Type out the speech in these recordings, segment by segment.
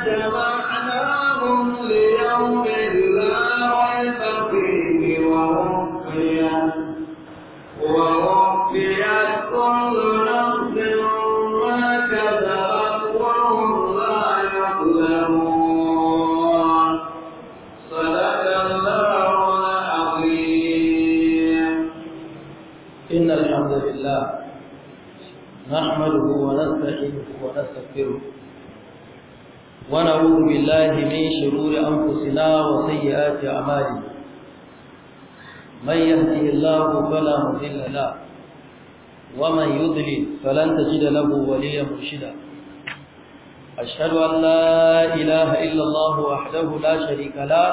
جمعناهم ليوم لا ريب فيه ووفيت ووفيت كل نفس ما كسبت وهم لا يظلمون صدق الله العظيم إن الحمد لله نحمده ونستعينه ونستغفره ونعوذ بالله من شرور أنفسنا وسيئات أعمالنا من يهده الله فلا مضل له ومن يضلل فلن تجد له وليا مرشدا أشهد أن لا إله إلا الله وحده لا شريك له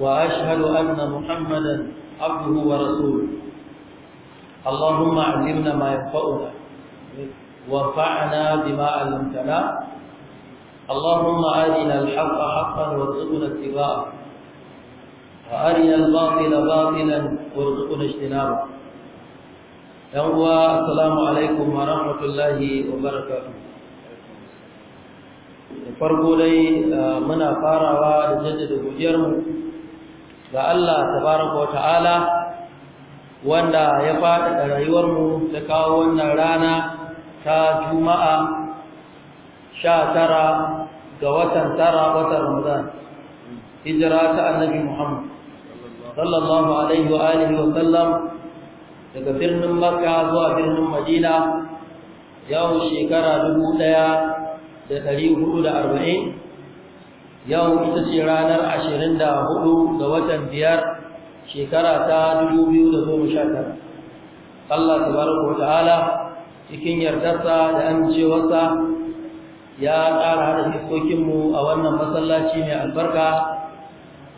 وأشهد أن محمدا عبده ورسوله اللهم علمنا ما ينفعنا وانفعنا بما علمتنا اللهم آرنا الحق حقا وارزقنا اتباعه وأرنا الباطل باطلا وارزقنا اجتنابه يوم السلام عليكم ورحمة الله وبركاته farko dai muna farawa da jaddada godiyarmu ga Allah tabaraka ta'ala wanda ya da rayuwarmu ta kawo wannan rana ta juma'a sha tara ga watan tara watan Ramadan hijira ta Annabi Muhammad sallallahu alaihi wa alihi wa sallam daga birnin Makka zuwa birnin Madina yawon shekara dubu da da hudu arba'in, yawon ita ce ranar ashirin da hudu ga watan biyar shekara ta dubu biyu da 2019 Allah Ta tabaraka wa ta'ala cikin yardarsa da amincewarsa ya ƙara haɗa iskokinmu a wannan masallaci mai albarka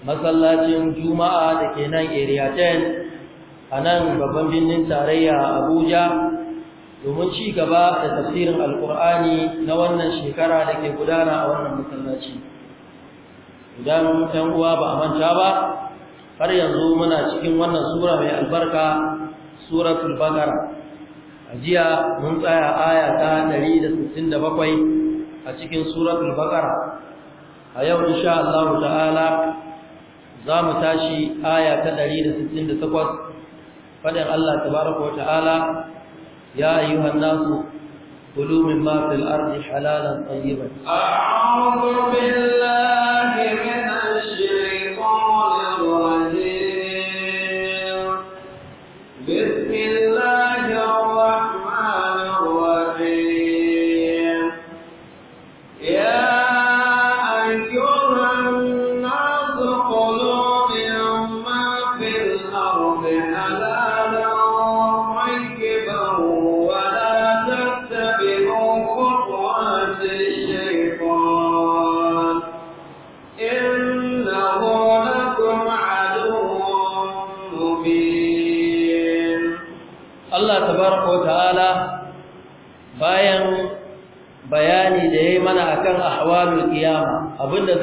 masallacin juma'a da ke nan area 10 a nan babban birnin tarayya abuja domin ci gaba da tafsirin alkur'ani na wannan shekara da ke gudana a wannan masallaci idan yan uwa ba a manta ba har yanzu muna cikin wannan sura mai albarka suratul bakara a jiya mun tsaya aya ta 167 a cikin suratul baqara a yau insha Allah ta'ala za mu tashi aya ta 168 fadin Allah tabaraka wa ta'ala ya ayyuhan nasu kulu mimma fil ardi halalan tayyiban a'udhu billahi min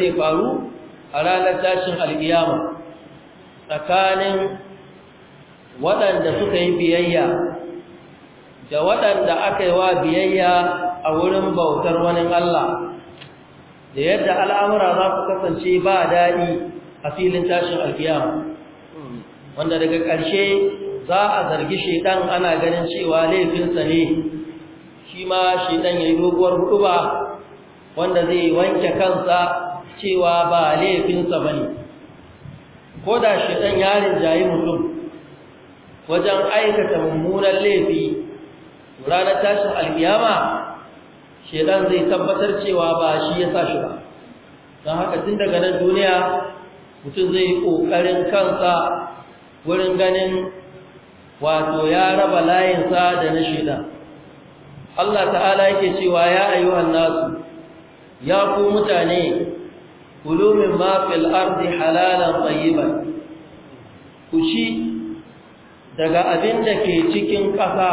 zai faru a ranar tashin alkiyama tsakanin waɗanda suka yi biyayya da waɗanda aka yi wa biyayya a wurin bautar wani Allah da yadda al'amura za su kasance ba daɗi a filin tashin alkiyama wanda daga ƙarshe za a zargi shaidan ana ganin cewa laifinsa ne shi ma shaidan ya yi doguwar hudu wanda zai wanke kansa cewa ba laifinsa ba ne ko da shi ɗan yarin jayi mutum wajen aikata mummunan laifi ranar tashin alkiyama shaidan zai tabbatar cewa ba shi ya sa shi ba don haka tun daga nan duniya mutum zai yi ƙoƙarin kansa wurin ganin wato ya raba layinsa da na shaidan Allah ta'ala yake cewa ya ayyuhan nasu ya ku mutane kulumin mafil ma fil ardi halalan tayyiban ku ci daga abin da ke cikin ƙasa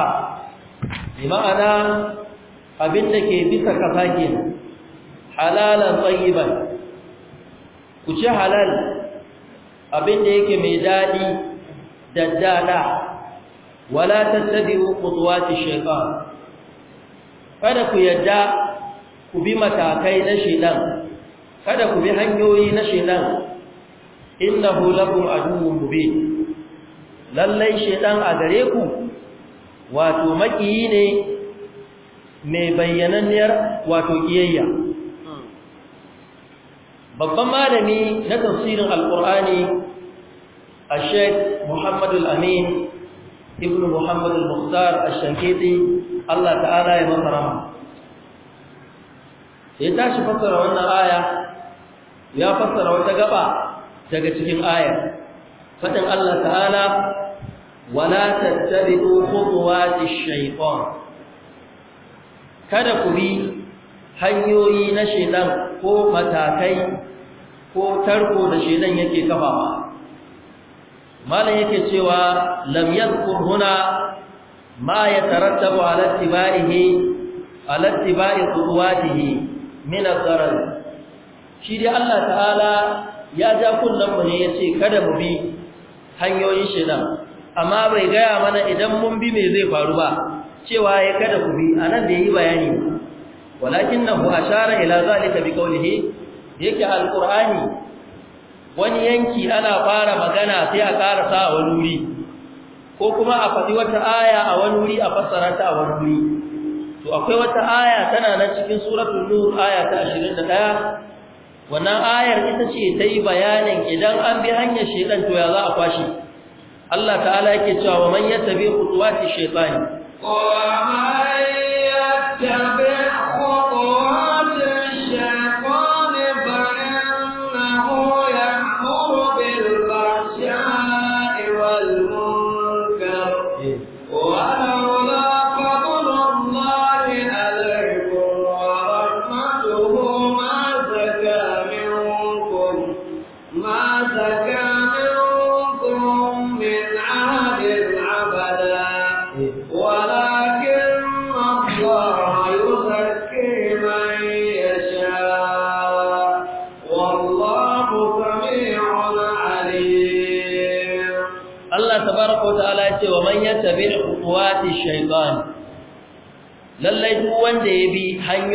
bi ma'ana abin da ke bisa ƙasa ke halalan tayyiban ku ci halal abin da yake mai daɗi daddada wala tattabi'u khutuwati shaytan kada ku yadda ku bi matakai na shaytan kada ku bi hanyoyi na shaidan innahu lakum aduwwun mubin lallai shaidan a gare ku wato makiyi ne mai bayyananniyar wato kiyayya babban malami na tafsirin alqur'ani الشيخ Amin, Ibn ابن محمد المختار الشنكيطي الله Allah Ta'ala ya tashi fassara wannan aya ya fassara wata gaba daga cikin aya fadin Allah ta'ala wala tattabi'u khutuwati shaytan kada ku bi hanyoyi na shedan ko matakai ko tarko da shedan yake kafawa malam yake cewa lam yadhkur huna ma yatarattabu ala ittiba'ihi ala ittiba'i khutuwatihi min ad-darar shi dai Allah ta'ala ya ja kullum mu ne ce kada mu bi hanyoyin shedan amma bai gaya mana idan mun bi me zai faru ba cewa ya kada ku bi anan da yayi bayani Walakin walakinahu ashara ila zalika bi qawlihi yake alqur'ani wani yanki ana fara magana sai a karasa a wani wuri ko kuma a faɗi wata aya a wani wuri a fassara ta a wani wuri to akwai wata aya tana nan cikin suratul nur aya ta 21 wannan ayar ita ce ta yi bayanin idan an bi hanyar shaidan to ya za a kwashe Allah ta'ala yake cewa wa man yattabi khutuwati shaytani wa man yattabi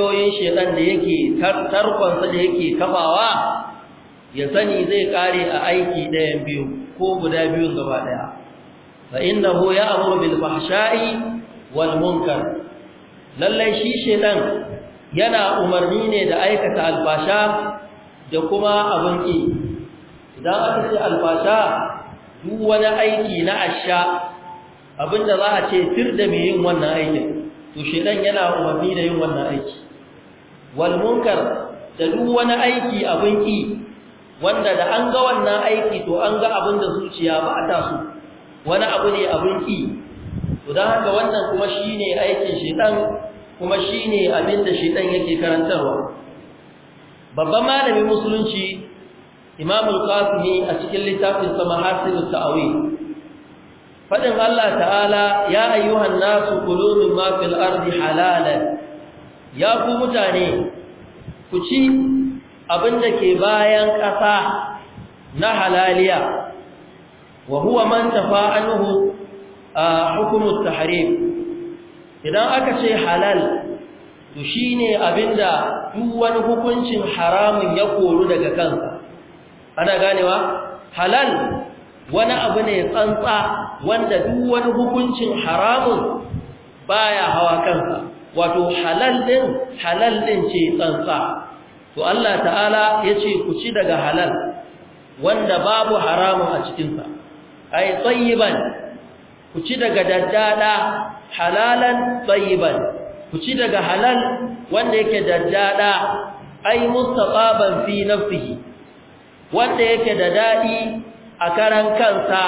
hanyoyin shedan da yake tarkonsa da yake kafawa ya sani zai kare a aiki ɗayan biyu ko guda biyun gaba ɗaya fa innahu ya'muru bil fahsha'i wal munkar lallai shi shedan yana umarni ne da aikata albasha da kuma abin ki idan aka ce albasha duk wani aiki na asha abinda za a ce tir da mai yin wannan aikin to shedan yana umarni da yin wannan aiki wal munkar da duk wani aiki abin ki wanda da an ga wannan aiki to an ga abin da zuciya ba ta so wani abu ne abin ki to dan haka wannan kuma shine aikin shedan kuma shine abin da shedan yake karantarwa babban malamin musulunci Imam al-Qasimi a cikin littafin sa Mahasinut Ta'wil fadin Allah ta'ala ya ayyuhan nasu kulu ma fil ardi halalan ya ku mutane ku ci abin da ke bayan ƙasa na halaliya wa huwa man tafa'aluhu a tahrim idan aka ce halal to shine abinda duk wani hukuncin haramun ya koru daga kansa ana ganewa halal wani abu ne tsantsa wanda duk wani hukuncin haramun baya hawa kansa wato halal din halal din ce tsantsa to Allah ta'ala yace ku ci daga halal wanda babu haramun a cikinsa. sa ai tayyiban ku ci daga daddada halalan tayyiban ku ci daga halal wanda yake daddada ai mustaqaban fi nafsihi wanda yake da dadi a karan kansa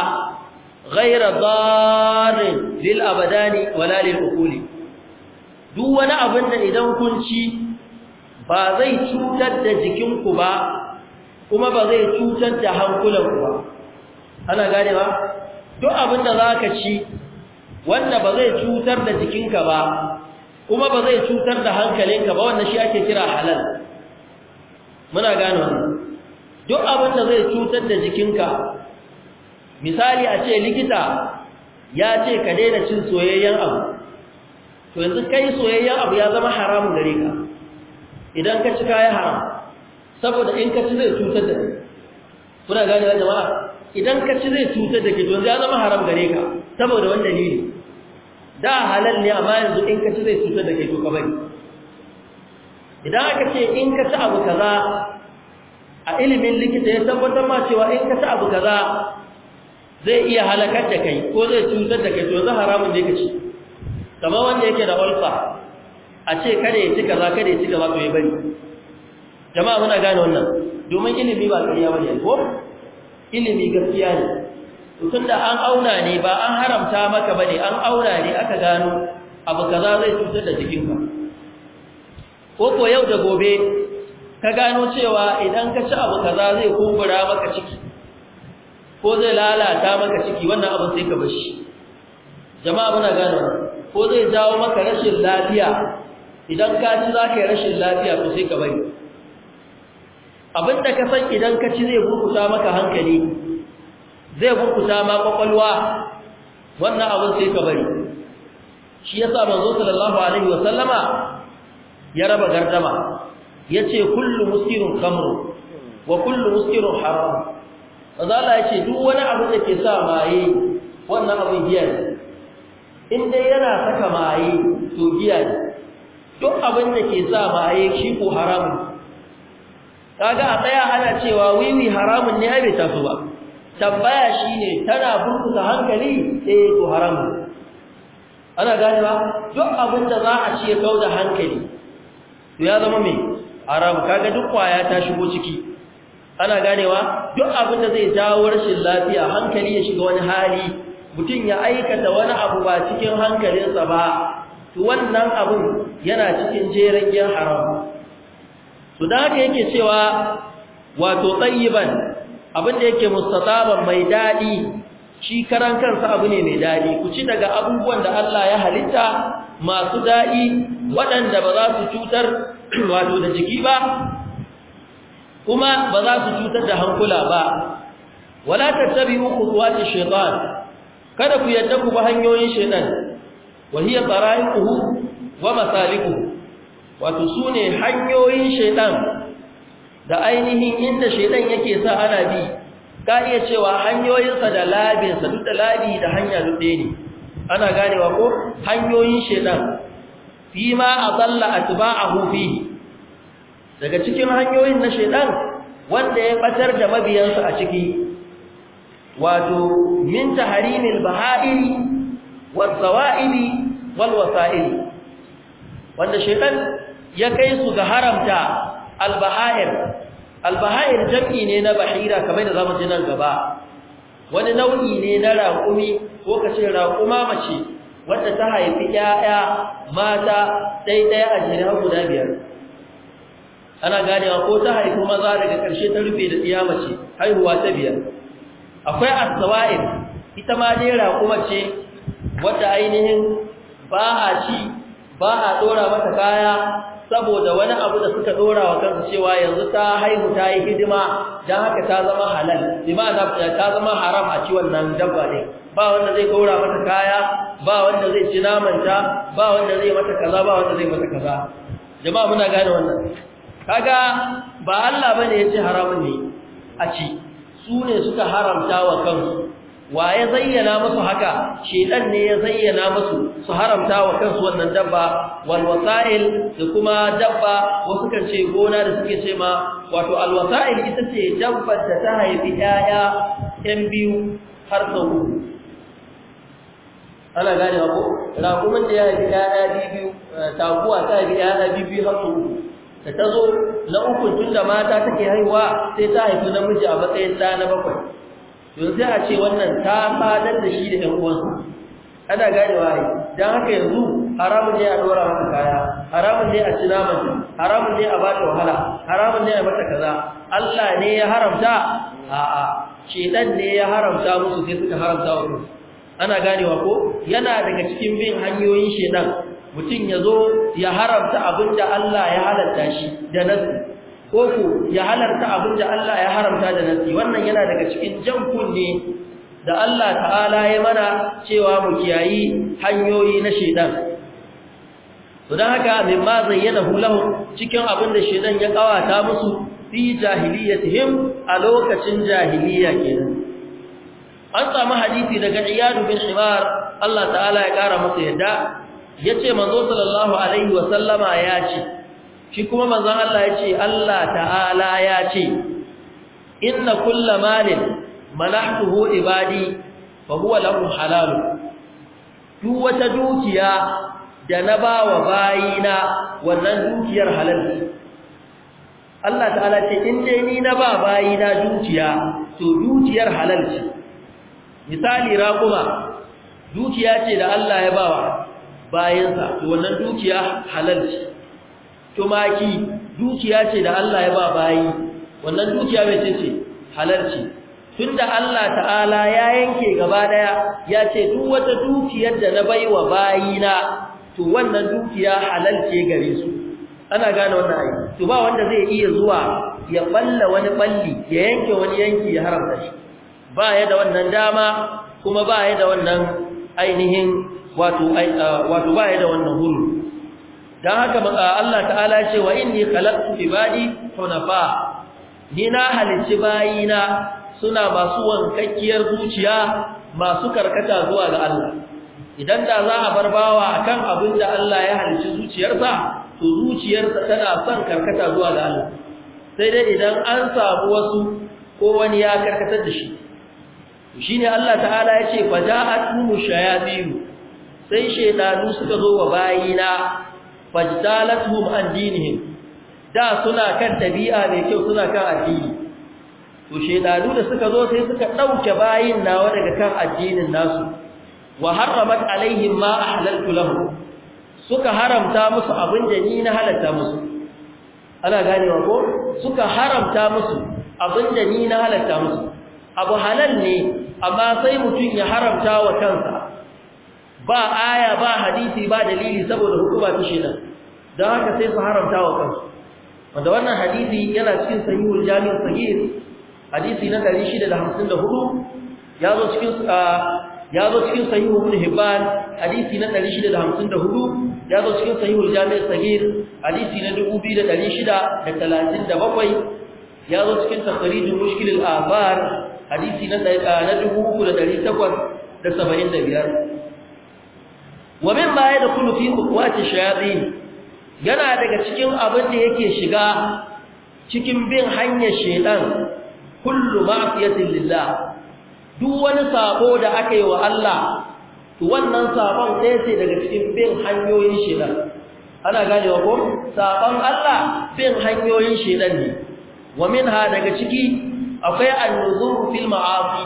ghaira darin lil abadani wala lil uquli duk wani abin da idan kun ci ba zai cutar da jikinku ba kuma ba zai cutar da hankulanku ba ana gane ba duk abin da za ka ci wanda ba zai cutar da jikinka ba kuma ba zai cutar da hankalinka ba wanda shi ake kira halal muna gane wannan duk abin da zai cutar da jikinka misali a ce likita ya ce ka daina cin soyayyen abu to yanzu kai soyayyen abu ya zama haramun gare ka idan ka ci kayan haram saboda in ka ci zai cutar da kuna gane wa jama'a idan ka ci zai cutar da ke, to ya zama haram gare ka saboda ni ne, da halal ne amma yanzu in ka ci zai cutar da ke to ka bari idan aka ce in ka ci abu kaza a ilimin likita ya tabbatar ma cewa in ka ci abu kaza zai iya halakar da kai ko zai cutar da kai to yanzu haramun ne ka ci kama wanda yake da ulfa a ce kada ya ci kaza kada ya ci kaza to ya bari jama'a muna gane wannan domin ilimi ba ƙarya bane ko ilimi gaskiya ne tun da an auna ne ba an haramta maka bane an auna ne aka gano abu kaza zai cutar da jikinka ko ko yau da gobe ka gano cewa idan ka ci abu kaza zai kumbura maka ciki ko zai lalata maka ciki wannan abin sai ka bar shi jama'a muna gane wannan ko zai jawo maka rashin lafiya idan ka ci za ka yi rashin lafiya to sai ka bari abinda ka san idan ka ci zai burkuta maka hankali zai burkuta ma kwakwalwa wannan abin sai ka bari shi ya yasa manzo sallallahu alaihi wa sallama ya raba gardama yace kullu muskirun khamr wa kullu muskirun haram manzo Allah yace duk wani abu da ke sa maye wannan abin giya ne in dai yana saka maye to giya ne duk abin da ke sa maye shi ko haramun kaga a tsaya ana cewa wiwi haramun ne ai ta ba tambaya shine tana burkuta hankali eh to haramun ana gane ba duk abin da za a ci ya kauda hankali to ya zama me haram kaga duk kwaya ta shigo ciki ana ganewa duk abin da zai jawo rashin lafiya hankali ya shiga wani hali mutum ya aikata wani abu ba cikin hankalinsa ba to wannan abun yana cikin jerin yan haram su da haka yake cewa wato tsayiban abin da yake mustataban mai daɗi shi karan kansa abu ne mai daɗi, ku ci daga abubuwan da Allah ya halitta masu daɗi waɗanda ba za su cutar wato da jiki ba kuma ba za su cutar da hankula ba wala tattabi'u khutuwati shaytan kada ku yadda ku ba hanyoyin shaitan wa hiya wa masalikuhu wato sune hanyoyin shaitan da ainihin inda shaitan yake sa ana bi ka iya cewa hanyoyinsa da labinsa duk da labi da hanya duk ne ana ganewa ko hanyoyin shaitan fi ma adalla atba'ahu fihi daga cikin hanyoyin na shaitan wanda ya ɓatar da mabiyansa a ciki wato min taharimil baha'iri was sawa'ili wanda shaytan ya kai su ga haramta al baha'ir jami ne na bahira kamar da mu ji nan gaba wani nau'i ne na raƙumi ko kace raƙuma mace wanda ta haifi 'ya'ya, mata ɗaya a jere guda biyar ana ganewa ko ta haifi maza daga ƙarshe ta rufe da tsiya mace haihuwa ta biyar akwai asawa'in ita ma dai kuma ce wata ainihin ba a ci ba a dora mata kaya saboda wani abu da suka dora wa kansu cewa yanzu ta haihu ta yi hidima don haka ta zama halal bi da ta zama haram a ci wannan dabba ne ba wanda zai dora mata kaya ba wanda zai ci namanta ba wanda zai mata kaza ba wanda zai mata kaza jama'a muna gane wannan kaga ba Allah bane ya ce haramun ne a ci su ne suka haramta wa kansu wa ya zayyana musu haka shedan ne ya zayyana musu su haramta wa kansu wannan dabba wal da kuma dabba wasu kan ce gona da suke ce ma wato al ita ce dabbar da ta haifi yaya yan biyu har sau uku ana gane ko raƙumin da ya haifi ƴaƴa biyu eh, taguwa ta haifi ƴaƴa biyu har sau uku da ta zo na uku tun da mata take haihuwa sai ta haifi namiji a matsayin ɗa na bakwai yanzu a ce wannan ta fadar da shi da ɗan uwansa ana gane wa ne don haka yanzu haramun ne a ɗora maka kaya haramun ne a ci naman haramun ne a ba ta wahala haramun ne a mata kaza Allah ne ya haramta a'a shedan ne ya haramta musu sai suka haramta wa ana ganewa ko yana daga cikin bin hanyoyin shedan mutum ya zo ya haramta abin da Allah ya halarta shi da nasi ko ku ya halarta abin da Allah ya haramta da nasi wannan yana daga cikin jan kunne da Allah ta'ala ya mana cewa mu kiyayi hanyoyi na shedan to dan haka ma zayyana hulahu cikin abin da shedan ya kawata musu fi jahiliyatihim a lokacin jahiliya kenan an samu hadisi daga iyadu bin shibar Allah ta'ala ya kara masa yadda yace manzo sallallahu alaihi wasallama ya ce shi kuma manzon Allah yace Allah ta'ala ya ce inna kulla malin malahtuhu ibadi fa huwa lahum halal du wata dukiya da na bawa bayina wannan dukiyar halal Allah ta'ala ce in dai ni na ba bayina dukiya to dukiyar halal ce misali kuma dukiya ce da Allah ya bawa bayansa to wannan dukiya halal ce tumaki dukiya ce da Allah ya ba bayi wannan dukiya mai ce halal ce tunda Allah ta'ala ya yanke gaba daya ya ce duk wata dukiyar da na baiwa bayina to wannan dukiya halal ce gare su ana gane wannan ayi to ba wanda zai iya zuwa ya balla wani balli ya yanke wani yanki ya haramta shi ba ya da wannan dama kuma ba ya da wannan ainihin wato wato ya da wannan hurun dan haka Allah ta'ala ya ce wa inni khalaqtu ibadi hunafa ni na halicci bayina suna masu wankakkiyar zuciya masu karkata zuwa ga Allah idan da za a bar bawa akan abin da Allah ya halicci zuciyarsa to zuciyarsa tana son karkata zuwa ga Allah sai dai idan an samu wasu ko wani ya karkatar da shi shine Allah ta'ala ya ce faja'at hum shayatin sai shaydanu suka zo wa bayina fajtalatuhum an dinihim da suna kan tabi'a mai kyau suna kan addini to shaydanu da suka zo sai suka dauke bayin nawa daga kan addinin nasu wa harramat alaihim ma ahlaltu lahum suka haramta musu abin da ni na halatta musu ana ganewa ko suka haramta musu abin da ni na halatta musu abu halal ne amma sai mutum ya haramta wa kansa ba aya ba hadisi ba dalili saboda hukuma ta sheda dan haka sai su haramta wa kansu wanda wannan hadisi yana cikin sahihul jami'ul sahih hadisi na 654 ya zo cikin ya zo cikin sahihul ibn hibban hadisi na 654 ya zo cikin sahihul jami'ul sahih hadisi na 2637 ya zo cikin takhrijul mushkilul abar hadisi na 3875 wa min ma yadkhulu fi quwwati shayatin yana daga cikin abin da yake shiga cikin bin hanyar shaytan kullu ma'siyatin lillah duk wani sabo da aka yi wa Allah to wannan sabon ɗaya ce daga cikin bin hanyoyin shaytan ana gane wa ko sabon Allah bin hanyoyin shaytan ne wa minha daga ciki akwai an-nuzuru fil ma'asi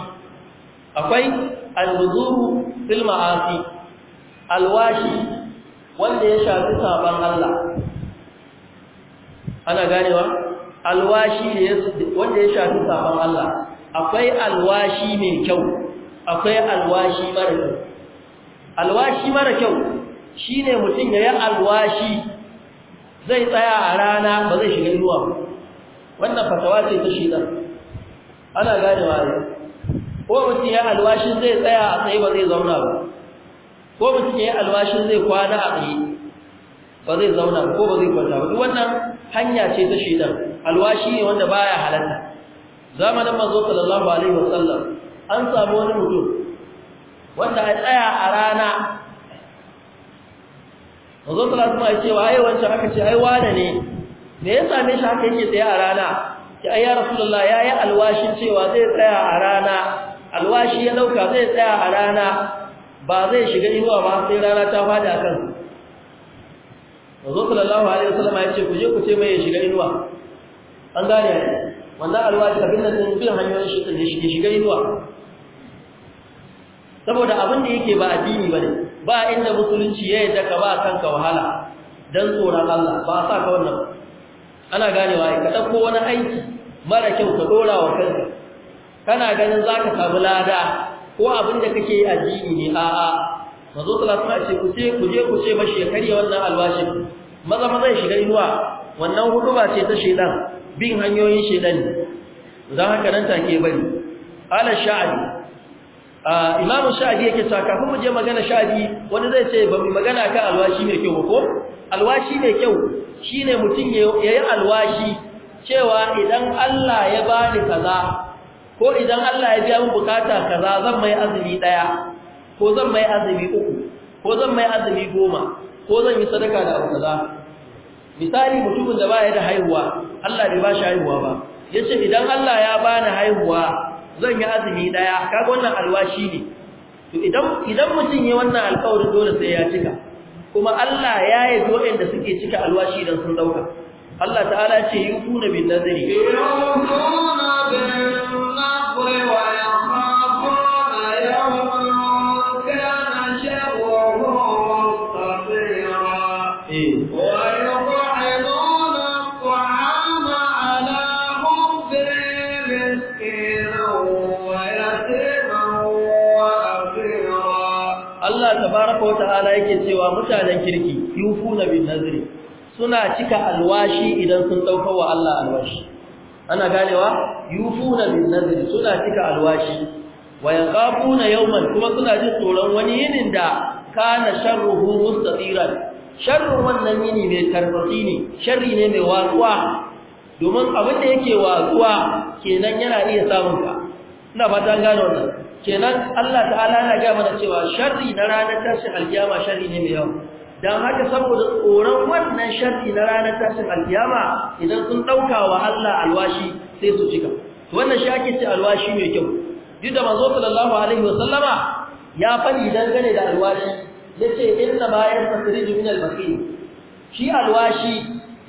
akwai an-nuzuru fil ma'asi alwashi wanda ya shafi saban Allah ana ganewa alwashi wanda ya shafi saban Allah akwai alwashi mai kyau akwai alwashi mara kyau alwashi mara kyau shine mutum ya yi alwashi zai tsaya a rana ba zai shiga ruwa wannan fatawa ce ta shida ana ganewa ne ko mutum ya alwashi zai tsaya a tsaye ba zai zauna ba ko mutum ya alwashin zai kwana a tsaye ba zai zauna ko ba zai kwanta ba duk wannan hanya ce ta shedan alwashi ne wanda baya halatta zamanin manzo sallallahu alaihi wasallam an samu wani mutum wanda ya tsaya a rana manzo sallallahu alaihi wasallam ya ce ai wancan aka ce ai wane ne me ya same shi haka yake tsaye a rana ki ai ya rasulullah yayi alwashin cewa zai tsaya a rana alwashi ya dauka zai tsaya a rana ba zai shiga inuwa ba sai rana ta fada kan. su manzo sallallahu alaihi wasallam ya ce ku je ku ce mai shiga inuwa an gane wannan alwaji abin binne sun bin hanyar shi ne shi shiga inuwa saboda abin da yake ba addini bane ba inda musulunci ya yadda ka ba kanka wahala dan tsoron Allah ba sa ka wannan ana ganewa ka dauko wani aiki mara kyau ka dora wa kanka kana ganin zaka samu lada ko abin da kake yi addini ne a'a manzo sallallahu alaihi wasallam ce ku je ku ce mashi ya karya wannan alwashi. maza maza shiga inuwa wannan huduma ce ta shedan bin hanyoyin shedan za haka nan take bari ala sha'abi imam sha'abi yake cewa kafin mu je magana sha'abi wani zai ce ba mu magana kan alwashi mai kyau ko alwashi mai kyau shine mutum yayi alwashi cewa idan Allah ya bani kaza ko idan Allah ya biya mu bukata kaza zan mai azumi daya ko zan mai azumi uku ko zan mai azumi goma ko zan yi sadaka da kaza misali mutumin da baya da haihuwa Allah bai ba shi haihuwa ba yace idan Allah ya bani haihuwa zan yi azumi daya kaga wannan alwashi ne to idan idan mutum ya wannan alƙawarin dole sai ya cika kuma Allah ya yi inda suke cika alwashi dan sun dauka Allah ta'ala ce yufuna bin nazari yufuna tabaraka wa ta'ala yake cewa mutanen kirki yufuna bin nazri suna cika alwashi idan sun dauka wa Allah alwashi ana ganewa yufuna bin nazri suna cika alwashi wa yaqafuna yawman kuma suna jin tsoron wani yinin da kana sharruhu mustatiran sharru wannan yini mai karfafi ne sharri ne mai watsuwa domin abin da yake watsuwa kenan yana iya samun ina fata gane wannan kenan Allah ta'ala yana ga mana cewa sharri na ranar tashin alkiyama sharri ne mai yawa dan haka saboda tsoron wannan sharri na ranar tashin alkiyama idan sun dauka wa Allah alwashi sai su cika wannan shi ake ce alwashi mai kyau duk da manzo sallallahu alaihi wasallama ya fadi dangane da alwashi yace inna ma yastasriju min al-bakhil shi alwashi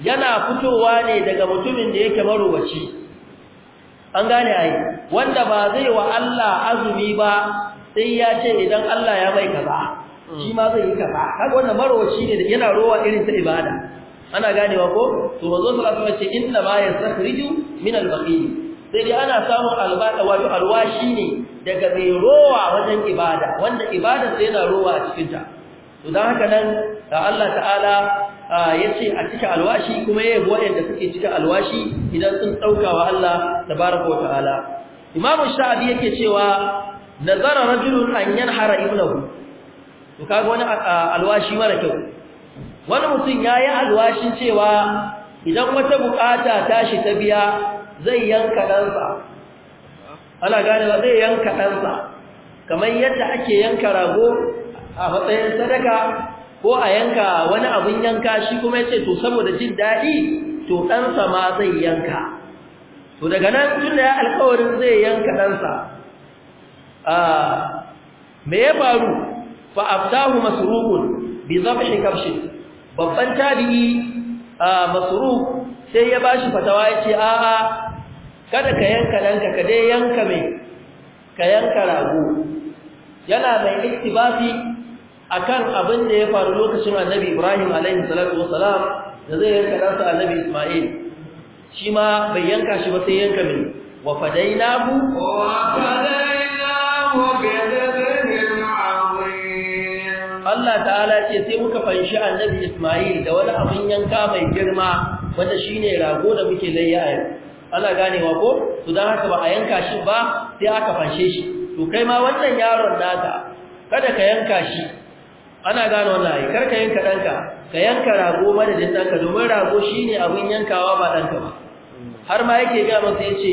yana fitowa ne daga mutumin da yake marowaci an gane ai wanda ba zai wa Allah azumi ba sai ya ce idan Allah ya mai kaza hmm. shi ma zai yi kaza kaga wannan marwaci ne yana rowa irin ta ibada ana ganewa ko to manzo sallallahu alaihi wasallam ce inna ma yastakhriju min al-baqi sai dai ana samun albada wato alwashi ne daga mai rowa wajen ibada wanda ibada sai yana rowa a cikin ta to dan haka nan da Allah ta'ala Yace a cika alwashi kuma ya yabo waɗanda suke cika alwashi idan sun dauka wa Allah tabaraka wa ta'ala imamu sha'abi yake cewa nazara rajulun an yanhara ibnahu to kaga wani alwashi mara kyau wani mutum yayi alwashin cewa idan wata bukata tashi ta biya zai yanka ɗansa ana gane ba zai yanka ɗansa kamar yadda ake yanka rago a matsayin sadaka ko a yanka wani abin yanka shi kuma yace to saboda jin dadi to dan sa ma zai yanka to daga nan tunda ya alƙawarin zai yanka dan sa ah me ya faru fa aftahu masruqun bi dhabhi kabshin babban tabi'i masruq sai ya bashi fatawa yace a a kada ka yanka dan ka dai yanka mai ka yanka rago yana mai iktibafi akan abin da ya faru lokacin annabi Ibrahim alaihi salatu Salam da zai yanka ɗansa annabi Isma'il shi ma bai yanka shi ba sai yanka min wa fadainahu wa Allah ta'ala ce sai muka fanshi annabi Isma'il da wani abin yanka mai girma wanda shine rago da muke layya a yau ana ganewa ko to dan haka ba a yanka shi ba sai aka fanshe shi to kai ma wannan yaron naka kada ka yanka shi ana gane wallahi karka yanka danka ka yanka rago madadin danka domin rago shine abin yankawa ba danka ba har ma yake ga masa yace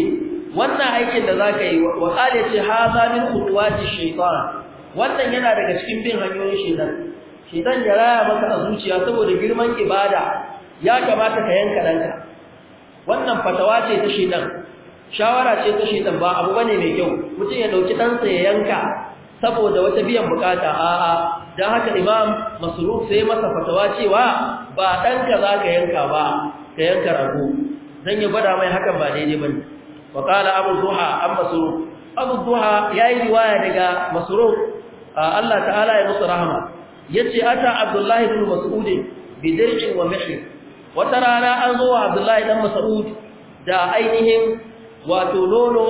wannan aikin da zaka yi wa qala ce haza min khutuwati shaytan wannan yana daga cikin bin hanyoyin shaytan shaytan ya raya maka a zuciya saboda girman ibada ya kamata ka yanka danka wannan fatawa ce ta shaytan shawara ce ta shaytan ba abu bane mai kyau mutum ya dauki ɗansa ya yanka saboda wata biyan bukata a'a don haka imam masruf sai masa fatawa cewa ba ɗan ka za ka yanka ba ka yanka rago Zan ya gwada mai hakan ba daidai ba ne wa ƙala abu duha an masruf abu ya yi riwaya daga masruf Allah ta'ala ya musu rahama ya ce ata abdullahi bin mas'udi bi wa mihri wata rana an zo wa abdullahi ɗan mas'ud da ainihin wato nono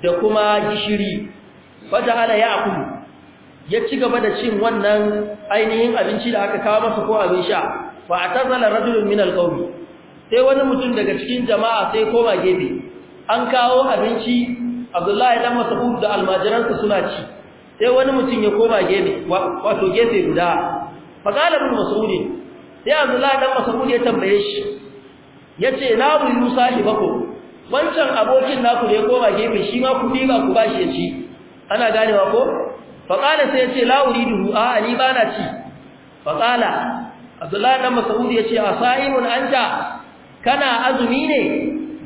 da kuma gishiri fata ala ya akulu ya ci gaba da cin wannan ainihin abinci da aka kawo masa ko abin sha fa atazala rajulun min alqawmi sai wani mutum daga cikin jama'a sai koma gefe an kawo abinci Abdullahi dan Mas'ud da almajiransa suna ci sai wani mutum ya koma gefe wato gefe guda fa qala ibn Mas'ud sai Abdullahi dan Mas'ud ya tambaye shi yace na bu Musa ibako wancan abokin naku da ya koma gefe shi ma ku ba ku bashi ya ci ana ganewa ko faƙala sai ya ce la'uri duhu a ni ba na ci faƙala abdullahi dan mas'ud ya ce a sa'imun anta kana azumi ne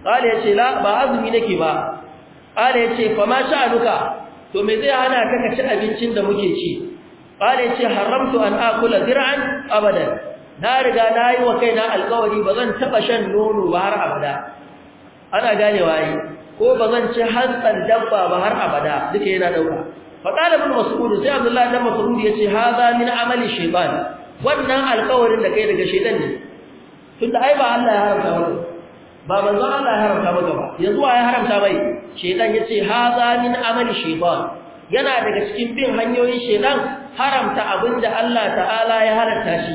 ƙala ya ce ba azumi nake ba ƙala ya ce fa ma sha'anuka to me zai hana ka ka ci abincin da muke ci ƙala ya ce haramtu an akula zira'an abadan na riga na yi wa kaina alƙawari ba zan taɓa shan nono ba har abada ana ganewa yi ko ba zan ci hantsan dabba ba har abada duka yana ɗauka فقال ابن مسعود sai Abdullah dan Mas'ud yace hadha min amali shaytan wannan alƙawarin da kai daga shaytan ne tunda ai ba Allah ya haramta maka ba manzon Allah ya haramta maka ba yanzu ya haramta bai shaytan yace hadha min amali shaytan yana daga cikin bin hanyoyin shaytan haramta abinda Allah ta'ala ya haramta shi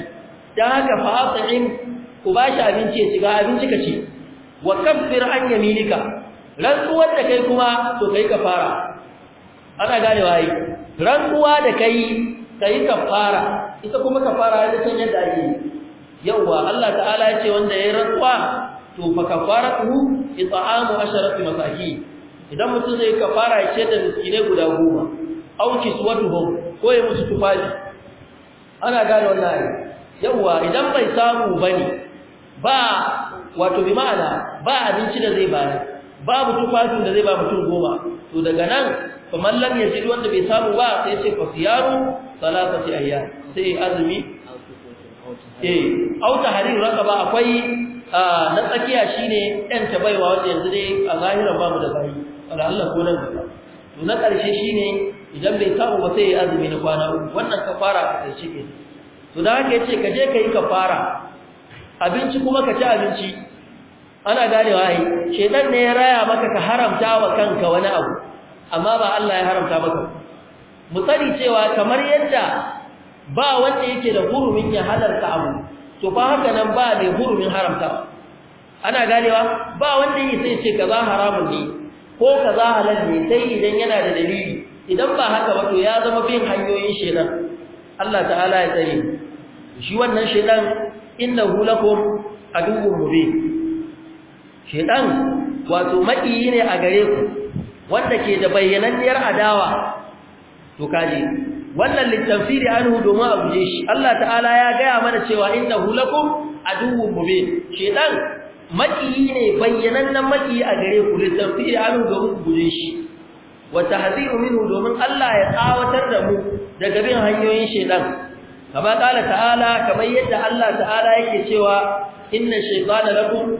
dan haka fa'atin ku bashi abinci ya shiga abinci kace wa kaffir an yaminika rantsuwar da kai kuma to kai ka fara ana gane wai rantsuwa da kai kai kafara ita kuma kafara ita ce yadda ake yawa Allah ta'ala ya ce wanda yayi rantsuwa to fa kafaratu it'amu asharati masakin idan mutum zai kafara ya ce da miskine guda goma aw kiswatuhum ko ya musu tufafi ana gane wallahi yawa idan bai samu bane ba wato bi ma'ana ba abinci da zai bayar babu tufafin da zai ba mutum goma to daga nan kamar ya jidu wanda bai samu ba sai ce fa siyaru salatati ayya sai azumi eh auta harir raqaba akwai na tsakiya shine dan ta baiwa wanda yanzu dai a zahiran babu da bai wala Allah ko nan to na karshe shine idan bai samu ba sai azumi na kwana wannan kafara ta shi ke to da haka yace ka je kai kafara abinci kuma ka ci abinci ana ganewa ai shedan ne ya raya maka ka haramta wa kanka wani abu amma ba Allah ya haramta maka mu sani cewa kamar yadda ba wanda yake da hurumin ya halarta abu to fa haka nan ba mai hurumin haramta ana ganewa ba wanda yake sai ce kaza haramun ne ko kaza halal ne sai idan yana da dalili idan ba haka ba to ya zama bin hanyoyin shedan Allah ta'ala ya tsare shi wannan shedan innahu lakum adu mubin shedan wato maƙiyi ne a gare ku wanda ke da bayyananniyar adawa to kaji wannan littafsiri anhu domin a guje shi Allah ta'ala ya gaya mana cewa inna hulakum aduwwun mubin shedan maƙiyi ne bayyanannen maƙiyi a gare ku da anhu domin ku guje shi wa tahdhiru minhu domin Allah ya tsawatar da mu daga bin hanyoyin shedan kama kala ta'ala kamar yadda Allah ta'ala yake cewa inna shaytana lakum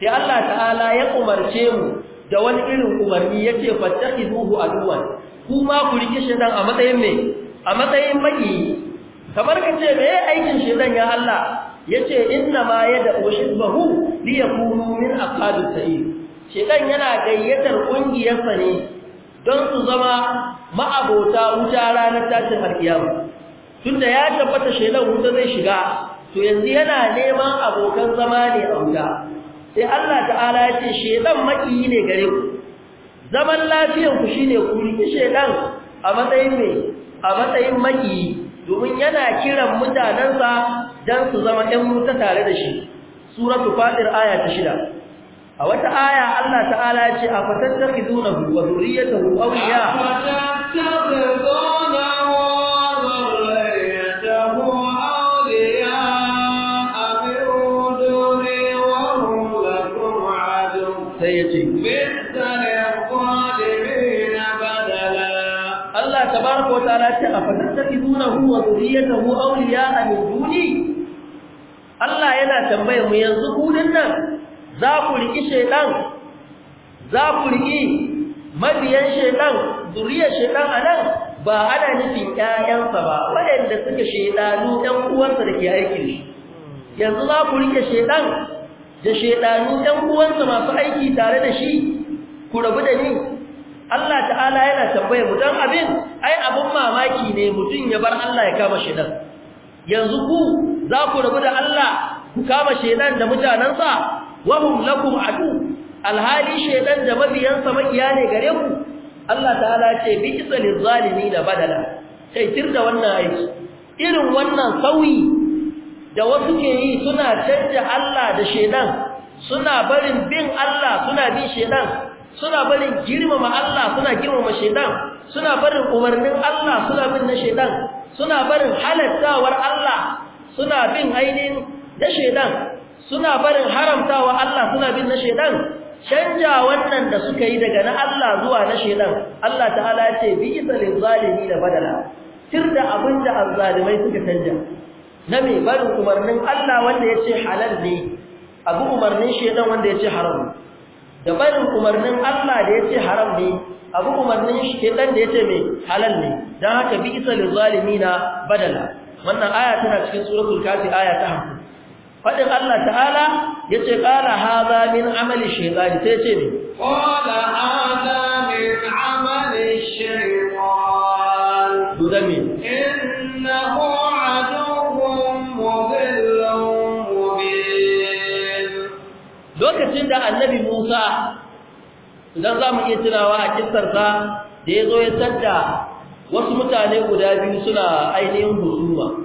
sai Allah ta'ala ya umarce mu da wani irin umarni yace fattakhiduhu aduwan kuma ku rike shi dan a matsayin me a matsayin maki kamar kace me aikin shi dan ya Allah yace inna ma yad'u li yakunu min aqadis sa'ir shedan yana gayyatar ƙungiyarsa ne don su zama ma'abota wuta ranar tashin alkiyama tunda ya tabbata shedan wuta zai shiga to yanzu yana neman abokan zama ne a wuta sai Allah ta'ala ya ce shedan makiyi ne gare ku zaman lafiyan ku shine ku riki shedan a matsayin ne a matsayin makiyi domin yana kiran mutanensa don su zama ɗan mutu tare da shi su fatir aya ta shida. a wata aya Allah ta'ala ya ce a afatattakhidunahu wa ta awliya afatattakhidunahu a ta afatattakhidunahu wa dhurriyyatahu awliya'a min duni Allah yana tambayar mu yanzu ku nan za ku riki shaytan za ku riki mabiyan shaytan zuriyar shaytan anan ba ana nufin ƴaƴansa ba waɗanda suke shaydanu ɗan uwansa da ke aikin shi yanzu za ku rike shaytan da shaydanu ɗan uwansa masu aiki tare da shi ku rabu da ni Allah ta'ala yana tambayar mu dan abin ai abun mamaki ne mutum ya bar Allah ya kama shedan yanzu ku za ku rabu da Allah ku kama shedan da mutanansa wa hum lakum adu alhali shedan da mabiyansa makiya ne gare ku Allah ta'ala ce bi isalil zalimi da badala sai tirda wannan aiki irin wannan sauyi da wasu ke yi suna canja Allah da shedan suna barin bin Allah suna bin shedan suna barin girmama Allah suna girmama shedan suna barin umarnin Allah suna bin na shedan suna barin halattawar Allah suna bin ainihin na shedan suna barin haramtawa Allah suna bin na shedan canja wannan da suka yi daga na Allah zuwa na shedan Allah ta'ala ya ce bi isalil zalimi da badala tirda da azzalimai suka canja na mai barin umarnin Allah wanda ya ce halal ne abu umarnin shedan wanda ya ce haram da barin umarnin Allah da yace haram ne abu umarnin shaytan da yace mai halal ne dan haka bi isal zalimina badala wannan aya tana cikin suratul kafi aya ta 50 fadin Allah ta'ala yace qala hadha min amali shaytan sai yace me qala hadha min amali lokacin da annabi Musa idan za mu iya tunawa a kissarsa da ya zo ya sadda wasu mutane guda biyu suna ainihin husuma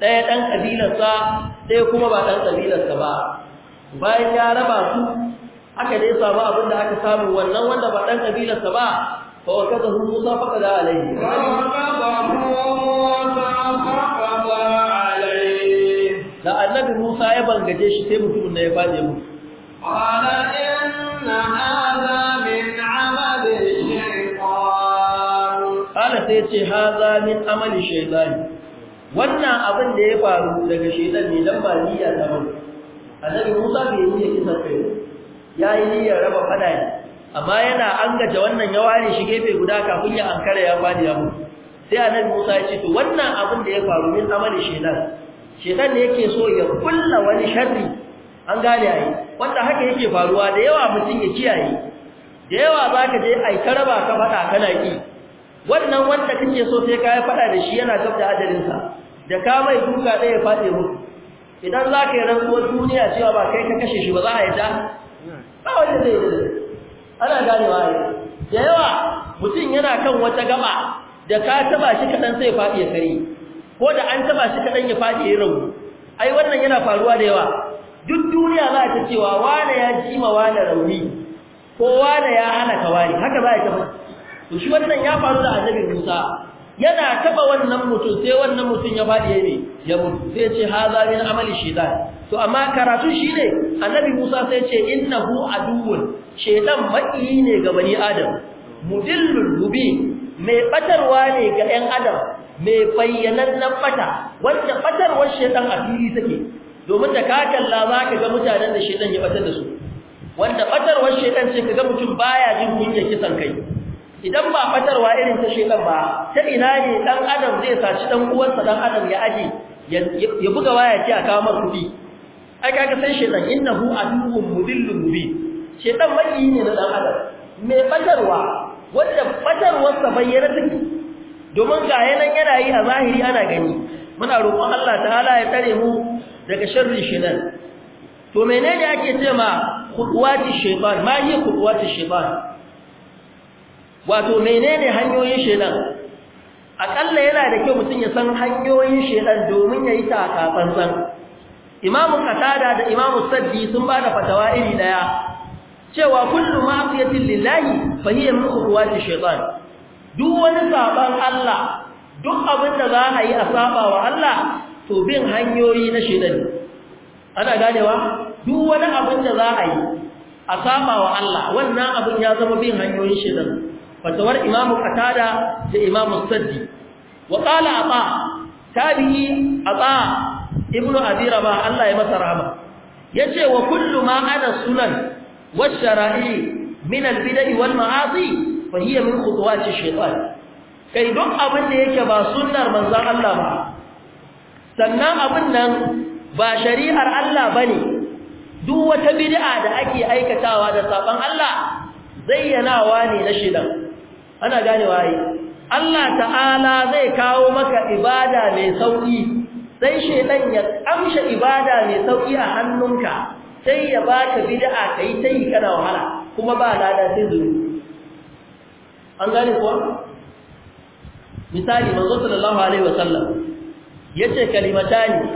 ɗaya ɗan ƙabilarsa ɗaya kuma ba ɗan ƙabilarsa ba bayan ya raba su aka dai samu abin da aka samu wannan wanda ba ɗan ƙabilarsa ba fa wa kaza hu musa fa kaza alaihi da annabi musa ya bangaje shi sai mutumin da ya faɗi mu. قال إن هذا من عمل الشيطان قال wannan abin da ya faru daga shaitan ne dan ba niyya ta ba annabi Musa bai yi kisan kai ya yi niyyar raba fada ne amma yana angaje wannan ya ware shi gefe guda kafin ya ankara ya fadi ya mutu sai nan Musa ya ce to wannan abin da ya faru min amali shaitan shaitan ne yake so ya kulla wani sharri an gane ai wanda haka yake faruwa da yawa mutum ya kiyaye da yawa baka je ai karaba ka fada kana ki wannan wanda kake so sai ka fada da shi yana gaba da hadarin sa da ka mai duka ya fade mu idan zaka yi rantsuwar duniya cewa ba kai ka kashe shi ba za a yi ta ba wanda zai yi ana ganewa ai da yawa mutum yana kan wata gaba da ka taba shi kadan sai fadi ya kare ko da an taba shi kadan ya fadi ya rawu ai wannan yana faruwa da yawa duk duniya za ta cewa wane ya ji ma wane rauni ko wane ya hana kawai haka za ta to shi wannan ya faru da annabi Musa yana taba wannan mutum sai wannan mutum ya fadi yayi ya mutu sai ce haza min amali shaytan to amma karatu ne annabi Musa sai ce innahu aduwwun shaytan maki ne ga bani adam mudillul rubi mai batarwa ne ga 'yan adam mai nan fata. wanda batarwar shaytan a fili take domin da ka kalla za ka ga mutanen da shedan ya batar da su wanda batarwar shedan ce ka ga mutum baya jin kunyar kisan kai idan ba batarwa irin ta shedan ba ta ina ne dan adam zai saci dan uwansa dan adam ya aje ya buga waya ce a kawo mar kuɗi ai kaga san shedan innahu aduwwun mudillun mubin shedan mai ne na dan adam mai batarwa wanda sa bayyana take domin ga yanan yana yi a zahiri ana gani muna roƙon Allah ta'ala ya tare mu daga shi nan, to menene ake ce ma khutuwati ma yi khutuwati shaytan wato menene hanyoyin shaytan akalla yana da kyau mutum ya san hanyoyin shaytan domin yayi yi kafansan imamu qatada da imamu saddi sun ba da fatawa iri daya cewa kullu ma'siyatin lillahi fa hiya min khutuwati shaytan duk wani saban Allah duk abin da za a yi a saba wa Allah to bin hanyoyi na shedan ana ganewa duk wani abin da za a yi a saba wa Allah wannan abin ya zama bin hanyoyin shedan fatawar imamu qatada da imamu saddi wa qala ata tabi'i ata ibnu abi rabah Allah ya masa rahama yace wa kullu ma ana sunan wa shara'i min al-bid'i wal ma'asi فهي من خطوات الشيطان kai duk abin da yake ba sunnar manzon Allah ba sannan abin nan ba shari'ar Allah ba ne duk wata bid'a da ake aikatawa da saban Allah zayyanawa ne na shidan ana ganewa ai Allah ta'ala zai kawo maka ibada mai sauki sai shedan ya amsha ibada mai sauki a hannunka sai ya baka bid'a kai yi kana wahala kuma ba lada sai zuri an gane kuwa misali manzo sallallahu alaihi wasallam yace kalimatani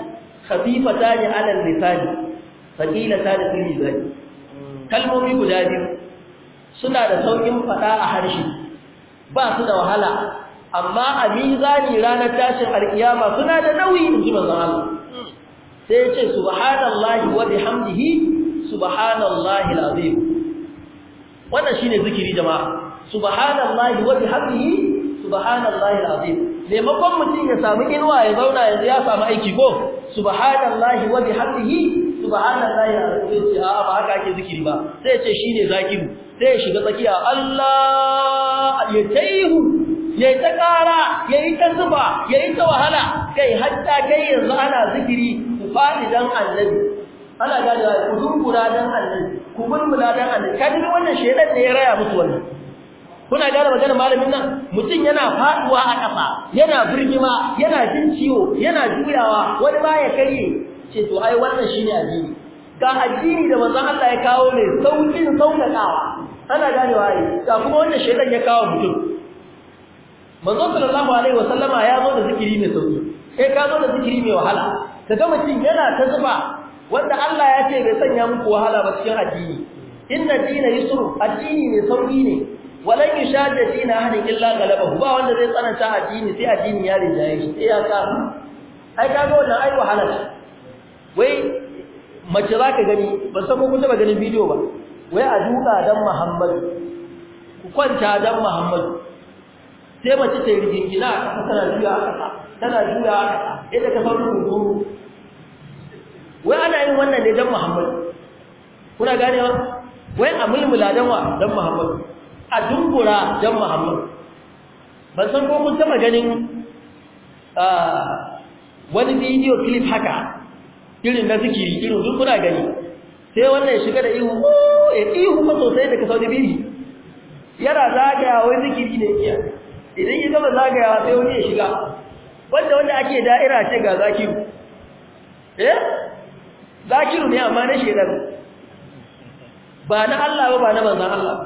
khafifatani ala lisani thaqilatani fil mizan kalmomi guda biyu suna da saukin fada a harshe ba su da wahala amma a mizani ranar tashin alkiyama suna da nauyi in ji manzon Allah sai ya subhanallahi wa bihamdihi subhanallahi alazim wannan shine zikiri jama'a subhanallahi wa bihamdihi subhanallahi alazim maimakon mutum ya samu inuwa ya zauna yanzu ya samu aiki ko subhanallahi wa bihamdihi subhanallahi alazim ce a'a ba haka ake zikiri ba sai ya ce shine zakiru sai ya shiga tsakiya Allah ya taihu ya yi ta ƙara ya yi ta zuba ya yi ta wahala kai hatta kai yanzu ana zikiri ku faɗi dan annabi ana gane ku zungura dan annabi ku mulmula dan annabi kaji wannan shedan ne ya raya musu wannan kuna gane magana malamin nan mutum yana faduwa a ƙasa yana birgima yana jin ciwo yana juyawa wani ba ya kare ce to ai wannan shine addini ga addini da manzon Allah ya kawo ne saukin saukakawa ana gane waye. ga kuma wannan shaydan ya kawo mutum manzon sallallahu alaihi wasallama ya zo da zikiri mai sauki sai ka zo da zikiri mai wahala kaga mutum yana ta zuba wanda Allah ya ce bai sanya muku wahala ba cikin addini inna dina yusru addini mai sauki ne walan yushadda dina ahadin illa galabahu ba wanda zai tsananta addini sai addini ya rinjaye shi sai ya ka ai ka ga wannan ai wahala wai mace za ka gani ba san kun kuma ganin bidiyo ba wai a duka dan Muhammadu ku kwanta dan Muhammadu sai mace ta rigingina a kasa tana juya a kasa tana juya a kasa yadda ka sauran kunkuru wai ana yin wannan ne dan Muhammadu kuna ganewa wai a mulmula dan wa dan Muhammadu a dunkura don muhammad ban san ko kun taba ganin wani bidiyo clip haka irin na suke irin duk kuna gani sai wannan shiga da ihu ya ihu ba sosai daga saudi biri yana zagayawa wai zikiri ne iya idan ya gama zagayawa sai wani ya shiga wanda wanda ake da'ira ce ga zakiru eh zakiru ne amma na shedan ba na Allah ba ba na manzon Allah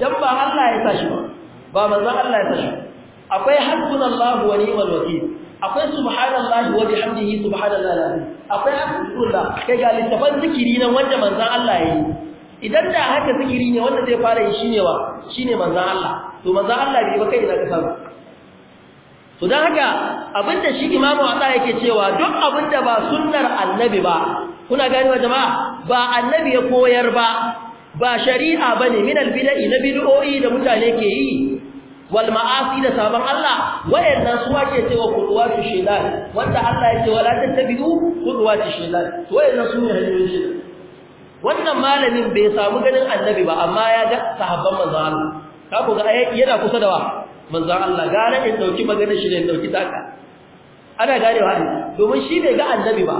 dan ba Allah ya tashi ba ba manzon Allah ya tashi akwai hasbunallahu wa ni'mal wakeel akwai subhanallahi wa bihamdihi subhanallahi alazim akwai alhamdulillah kai ga littafan zikiri nan wanda manzon Allah ya yi idan da haka zikiri ne wanda zai fara yi shine wa shine manzon Allah to manzon Allah bai ba kai ina ka samu to dan haka abinda shi imamu Allah yake cewa duk abinda ba sunnar annabi ba kuna gani wa jama'a ba annabi ya koyar ba ba shari'a ba ne min albida'i na bid'o'i da mutane ke yi wal ma'asi da saban Allah wayannan su ake cewa qudwatu shaytan wanda Allah ya ce wala tattabi'u qudwatu shaytan to wayannan su ne hanyoyin da. wannan malamin bai samu ganin annabi ba amma ya ga sahabban manzon Allah ka ku ga yana kusa da wa manzon Allah gara in dauki maganar shi ne in dauki taka ana ganewa domin shi bai ga annabi ba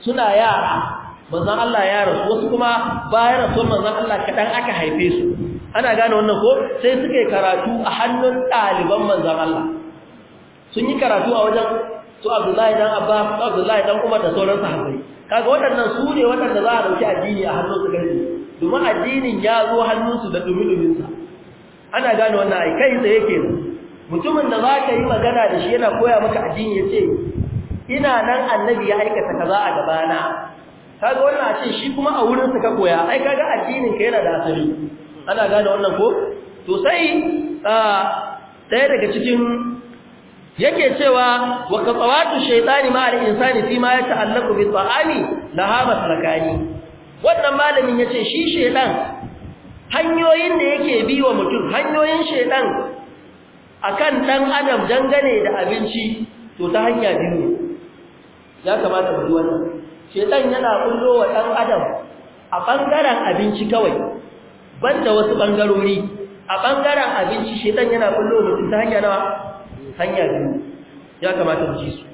suna yara manzon Allah ya rasu wasu kuma bayan rasuwar manzon Allah kadan aka haife su ana gane wannan ko sai suka yi karatu a hannun ɗaliban manzon Allah sun yi karatu a wajen su Abdullahi dan Abbas su Abdullahi dan Umar da sauran sahabbai kaga waɗannan su ne waɗanda za a dauki addini a hannun su gani domin addinin ya zo hannun su da dumi-dumin sa ana gane wannan ai kai tsaye kenan mutumin da za ka yi magana da shi yana koya maka addini ya ce ina nan annabi ya aikata kaza a gabana kaga wannan a ce shi kuma a wurin sa ka koya ai kaga addinin ka yana da asali ana gane wannan ko to sai ɗaya daga cikin yake cewa wa qatawatu shaytani ma al-insani fi ma yata'allaqu bi ta'ami hama maslakani wannan malamin yace shi shaytan hanyoyin da yake bi wa mutum hanyoyin shaytan akan dan adam dangane da abinci to ta hanya biyu ya kamata mu ji wannan shedan yana kullo wa dan adam a bangaren abinci kawai banda wasu bangarori a bangaren abinci shedan yana kullo mutum ta hanya nawa hanya biyu ya kamata mu ji su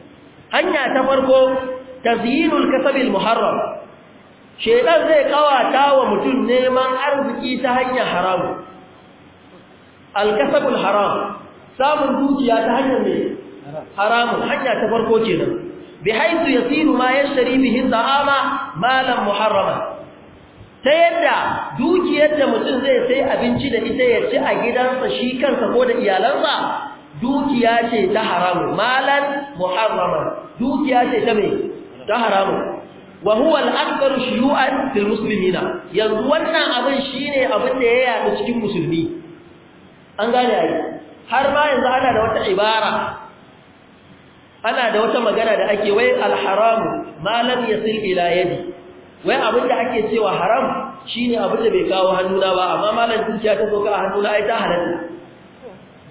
hanya ta farko tazyinul al muharram shedan zai kawata wa mutum neman arziki ta hanyar kasab al haram samun dukiya ta hanyar mai haramun hanya ta farko kenan bihaitu yasiru ma yashtari bihi ta'ama malan muharrama ta yadda dukiyar da mutum zai sai abinci da ita ya ci a gidansa shi kansa ko da iyalansa dukiya ce ta haramu malan muharrama dukiya ce ta mai ta haramu wa huwa al-akbaru shuyu'an fil muslimina yanzu wannan abin shine abin da ya yaɗu cikin musulmi an gane ai har ma yanzu ana da wata ibara ana da wata magana da ake wai alharamu ma lam yasil ila yadi wai abinda ake cewa haram shine abin da bai kawo hannuna ba amma malam dukiya ta soka a hannuna ai ta halatta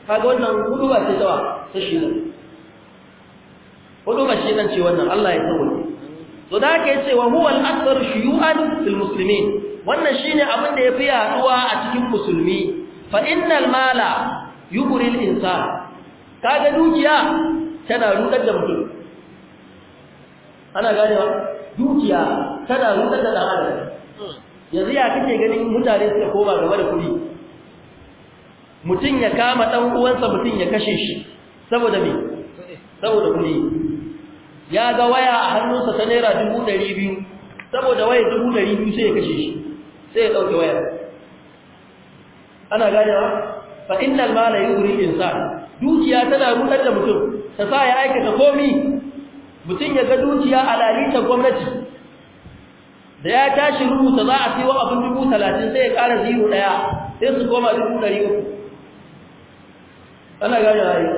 kaga wannan hudu ba ce tawa ta shi ne hudu ba shi nan ce wannan Allah ya tsawaye to da ake cewa huwa al-akthar shuyu'an fil muslimin wannan shine abin da yafi yaduwa a cikin musulmi fa innal mala yughri insa. insan kaga dukiya tana rudar da mutum ana gane wa dukiya tana rudar da dan adam yanzu ya kake ganin mutane suka koma gaba da kuɗi mutum ya kama dan uwansa mutum ya kashe shi saboda me saboda kuri ya ga waya a hannunsa ta naira dubu ɗari biyu saboda waya dubu ɗari biyu sai ya kashe shi sai ya ɗauke waya ana gane wa fa innal mala yughri insan dukiya tana rudar da mutum ta sa ya aikata komi mutum ya ga dukiya a lalita gwamnati da ya tashi rubuta za a siyo abin dubu talatin sai ya ƙara zero ɗaya sai su koma dubu ɗari uku ana gane yi,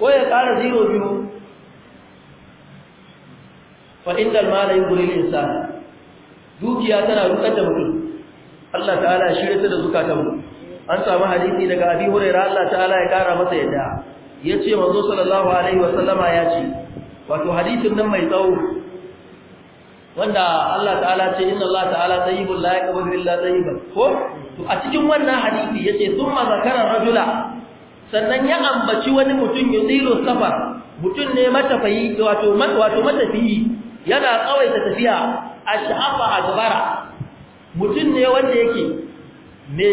ko ya ƙara zero biyu fa inda mala yi gurin insan dukiya tana rukar da mutum Allah ta'ala shirya ta da zukatan an samu hadisi daga abi hurairah Allah ta'ala ya ƙara masa yadda ya ce manzo sallallahu alaihi wasallama ya ce wato hadisin nan mai tsawo wanda Allah ta'ala ce inna Allah ta'ala tayyibul la yaqbalu illa tayyiban ko to a cikin wannan hadisi yace thumma zakara rajula sannan ya ambaci wani mutum yuzilu safar mutum ne matafiyi wato wato matafiyi yana kawaita tafiya ash'afa azbara mutum ne wanda yake me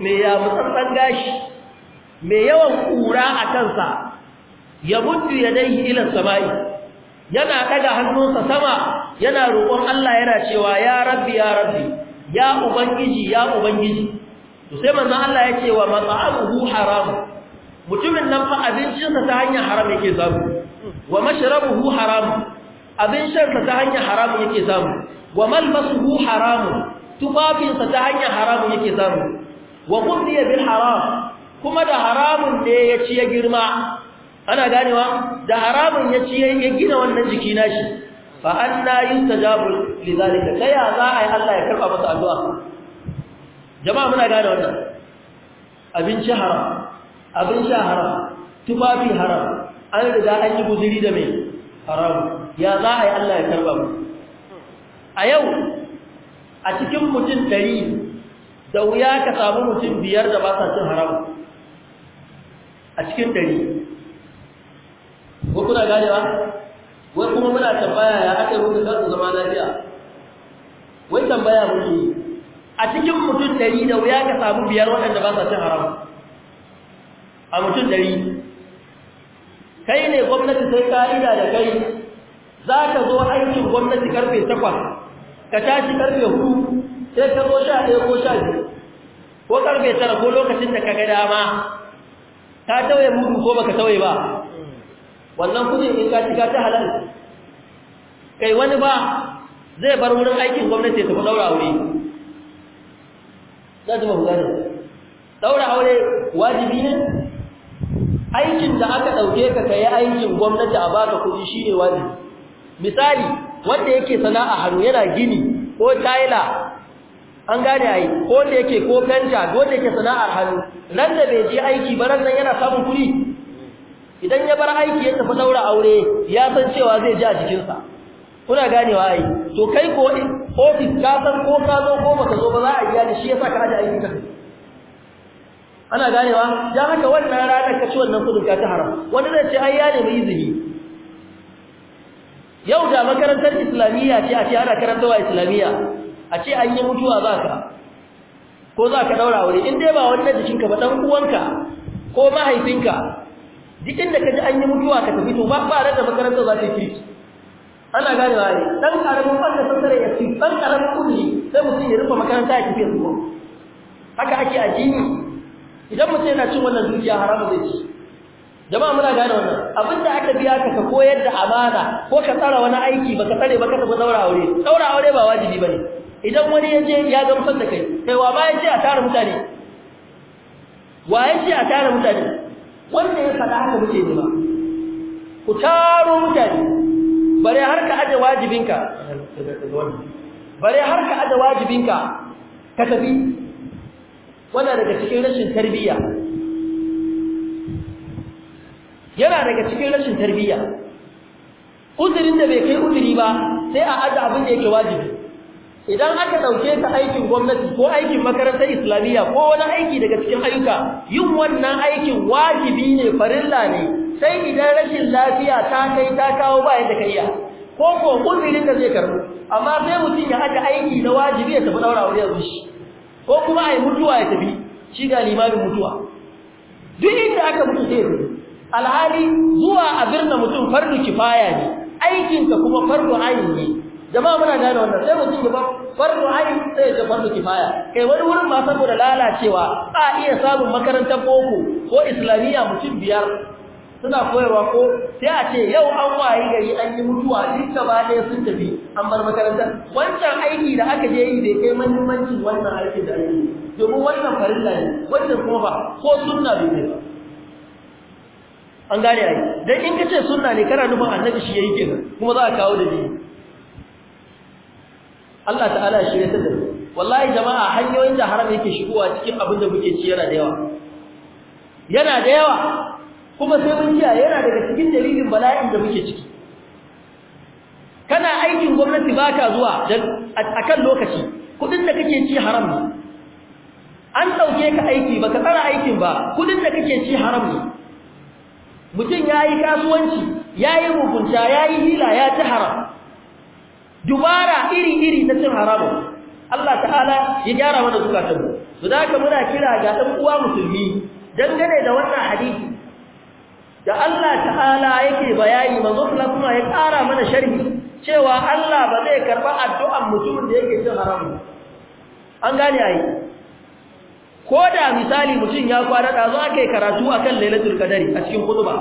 me ya mutsatsan gashi mai yawan kura a kansa ya mutu ya dai ilan sama'i yana daga hannunsa sama yana roƙon Allah yana cewa ya rabbi ya rabbi ya ubangiji ya ubangiji to sai manzon Allah ya ce wa mat'amuhu haram mutumin nan fa abincinsa ta hanyar haram yake samu wa mashrabuhu haram abin shansa ta hanyar haram yake samu wa malbasuhu haram tufafinsa ta hanyar haram yake samu wa qudiya bil haram kuma da haramun ne ya ci ya girma ana ganewa da haramun ya ci ya gina wannan jiki nashi fa anna yustajabu lidhalika kai ya za a Allah ya karba masa addu'a jama'a muna gane wannan abinci haram abin sha haram tufafi haram an riga an yi guzuri da mai haram ya za ai Allah ya karba mu a yau a cikin mutum 100 da wuya ka samu mutum biyar da ba sa cin haram a cikin ɗari ko kuna ganewa wai kuma muna tambaya ya aka rubuta za su zama lafiya wai tambaya mutu, a cikin mutum ɗari da wuya ka samu biyar waɗanda ba sa cin haram a mutum ɗari kai ne gwamnati sai ka'ida da kai za ka zo aikin gwamnati karfe takwas ka tashi karfe hudu sai ka zo sha ɗaya ko sha biyu ko karfe tara ko lokacin da ka ga dama ta tauye mudu ko baka tauye ba wannan kudin in ka cika ta halal kai wani ba zai bar wurin aikin gwamnati ta daura aure da zuwa mafi daura aure wajibi ne aikin da aka ɗauke ka ka yi aikin gwamnati a baka kuɗi shi ne wajibi misali wanda yake sana'a hannu yana gini ko tayila an gane ai ko da yake ko kanta ko da yake sana'ar hannu nan da bai je aiki ba nan yana samun kuɗi idan ya bar aiki ya tafi daura aure ya san cewa zai ji a jikin sa kuna ganewa ai to kai ko ofis ka san ko ka zo ko baka zo ba za a iya ni shi yasa ka aje aiki ka ana ganewa dan haka wannan ranar ka ci wannan kudin ka ta haram wanda zai ce ai ya nemi izini yau da makarantar islamiyya ce a ce ana karantawa islamiyya a ce an yi mutuwa za ka ko za ka daura aure in ba wani na jikinka ba ɗan ko mahaifinka duk inda ka ji an yi mutuwa ka tafi to ba ba da makaranta za ta yi ana gane ba ne ɗan ƙaramin ɓan da sassare ya fi ɗan ƙaramin kuɗi sai mutum ya rufe makaranta ya tafi fiye zuwa haka ake jini. idan mutum yana cin wannan zuciya haram zai ci jama'a muna gane wannan Abin da aka biya ka ka koyar da amana ko ka tsara wani aiki ba ka tsare ba ka tafi ɗaura aure ɗaura aure ba wajibi ba ne. idan wani ya je ya gamsar da kai kai wa ba ya ce a tara mutane wa ya ce a tara mutane wanda ya faɗa haka muke ba? ku taro mutane bare har ka aje wajibinka bare har ka aje wajibinka ka tafi wanda daga cikin rashin tarbiyya yana daga cikin rashin tarbiyya uzurin da bai kai uzuri ba sai a aje abin da yake wajibi idan aka ɗauke ta aikin gwamnati ko aikin makarantar islamiyya ko wani aiki daga cikin ayyuka yin wannan aikin wajibi ne farilla ne sai idan rashin lafiya ta kai ta kawo ba yadda kai ya ko ko uzurin da zai karbu amma sai mutum ya aka aiki na wajibi ya tafi daura wuri ya zo shi ko kuma ai mutuwa ya tafi shi ga limamin mutuwa duk inda aka mutu sai alhali zuwa a birna mutum fardu kifaya ne aikinka kuma fardu ayin ne jama'a muna gane wannan sai mutum ya bar farru ayin sai ga farru kifaya kai wani wurin ma saboda lalacewa a iya samun makarantar boko ko islamiyya mutum biyar suna koyarwa ko sai a ce yau an wayi gari an yi mutuwa duk gaba ɗaya sun tafi an bar makarantar wancan aiki da aka je yi bai kai muhimmancin wannan aikin da ake yi domin wannan farilla ne wannan kuma ba ko sunna bai kai ba an gane ai dan in kace sunna ne kana nufin annabi shi yake kuma za a kawo da ni. Allah ta'ala ya shirya ta da wallahi jama'a hanyoyin da haram yake shigowa cikin abin da muke ci yana da yawa yana da yawa kuma sai mun kiyaye yana daga cikin dalilin bala'in da muke ciki kana aikin gwamnati baka zuwa akan lokaci kudin da kake ci haram ne an dauke ka aiki baka tsara aikin ba kudin da kake ci haram ne mutum yayi kasuwanci yayi mugunta yayi hila ya ci haram dubara iri-iri ta cin haramun Allah ta'ala ya gyara mana zukatanmu su da ka muna kira ga ɗan uwa musulmi dangane da wannan hadisi da Allah ta'ala yake bayani manzo kuma ya kara mana sharhi cewa Allah ba zai karɓa addu'an mutumin da yake cin haramun an gane ayi ko da misali mutum ya kwana da zo aka yi karatu akan lailatul qadari a cikin khutba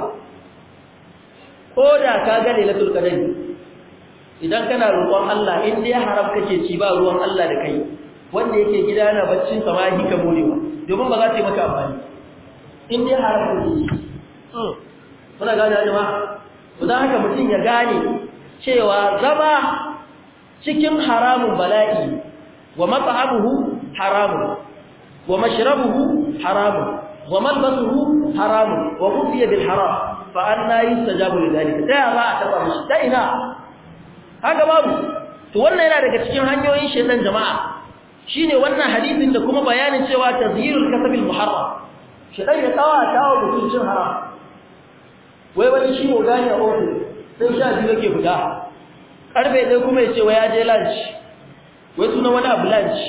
ko da ka ga lailatul qadari idan kana roƙon Allah in dai haram kake ci ba ruwan Allah da kai wanda yake gida yana baccin samahi ka morewa domin ba za ta yi maka amfani in dai haram kake ci kuna gane jama'a to dan haka mutum ya gane cewa zama cikin haramun bala'i wa mat'amuhu haramun wa mashrabuhu haramun wa malbasuhu haramun wa qudiya bil haram fa anna yustajabu lidhalika da ba a taba mishi ta ina haka babu to wannan yana daga cikin hanyoyin shedan jama'a shine wannan hadisin da kuma bayanin cewa tazyirul kasabil muharram shedan ya tawa tawa mutum cin haram wai wani shi mu ne a ofis sai sha biyu yake guda. karfe ɗaya kuma ya ce wai ya je lunch wai suna wani abu lunch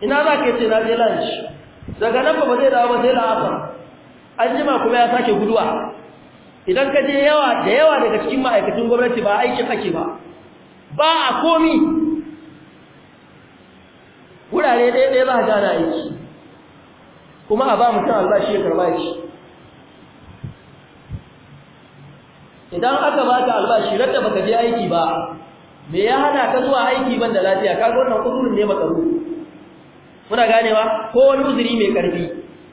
ina za ka yace na je lunch daga nan ba ba zai dawo ba sai la'asa. an jima kuma ya sake guduwa idan ka je yawa da yawa daga cikin ma'aikatan gwamnati ba aikin kake ba ba a komi wurare ɗaya ba a gane aiki kuma a ba mutum albashi ya karba shi idan aka ba ta albashi da baka je aiki ba me ya hana ka zuwa aiki ban da lafiya ka gwanon wannan ne makaru muna ganewa ko wani uzuri mai karfi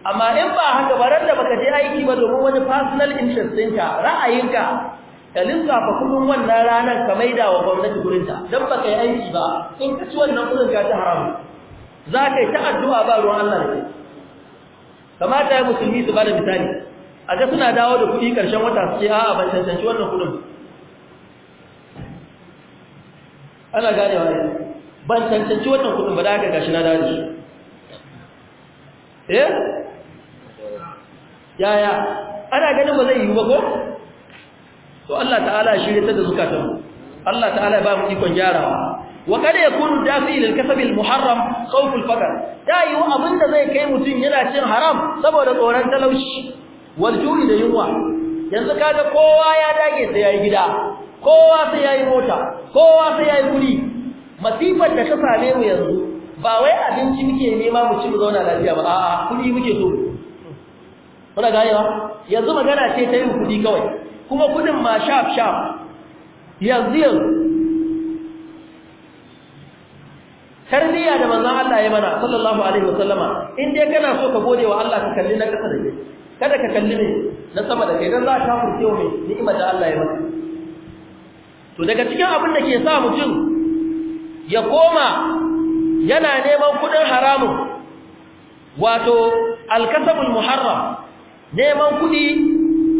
amma in ba haka ba da baka je aiki ba domin wani personal interest ɗinka ra'ayinka ka fa kullum wannan ranar ka maida wa gwamnati gurinta dan ba kai yi aiki ba in ka ci wannan gurin ka ta haramu za ka yi ta addu'a ba ruwan Allah ne kamata ya musulmi su bada misali a ga suna dawo da kuɗi ƙarshen wata su ce a'a ban cancanci wannan kudin ana ganewa ne ban cancanci wannan kudin ba da haka gashi na dawo da shi eh yaya ana ganin ba zai yi ba ko to Allah ta'ala ya shirye ta da zukatan Allah ta'ala ya ba mu ikon gyarawa wa kada kunu dafi lil kasab al muharram khawf al faqr dai wa da zai kai mutun yana cin haram saboda tsoron talauci wal juri da yunwa yanzu kaga kowa ya dage sai yayi gida kowa sai yayi mota kowa sai yayi kudi. masifar da ta same mu yanzu ba wai abinci muke nema mu ci mu zauna lafiya ba a'a kudi muke so kuna ganewa yanzu magana ce ta yi kudi kawai kuma kudin ma shaf shaf yanzu yanzu tarbiya da manzon Allah ya mana sallallahu alaihi wasallama in dai kana so ka gode wa Allah ka kalli na kasa da ke, kada ka kalli ne na sama da kai dan za ka furce wa mai ni'imar da Allah ya mana to daga cikin abin da ke sa mutum ya koma yana neman kudin haramun wato alkasabul muharram neman kudi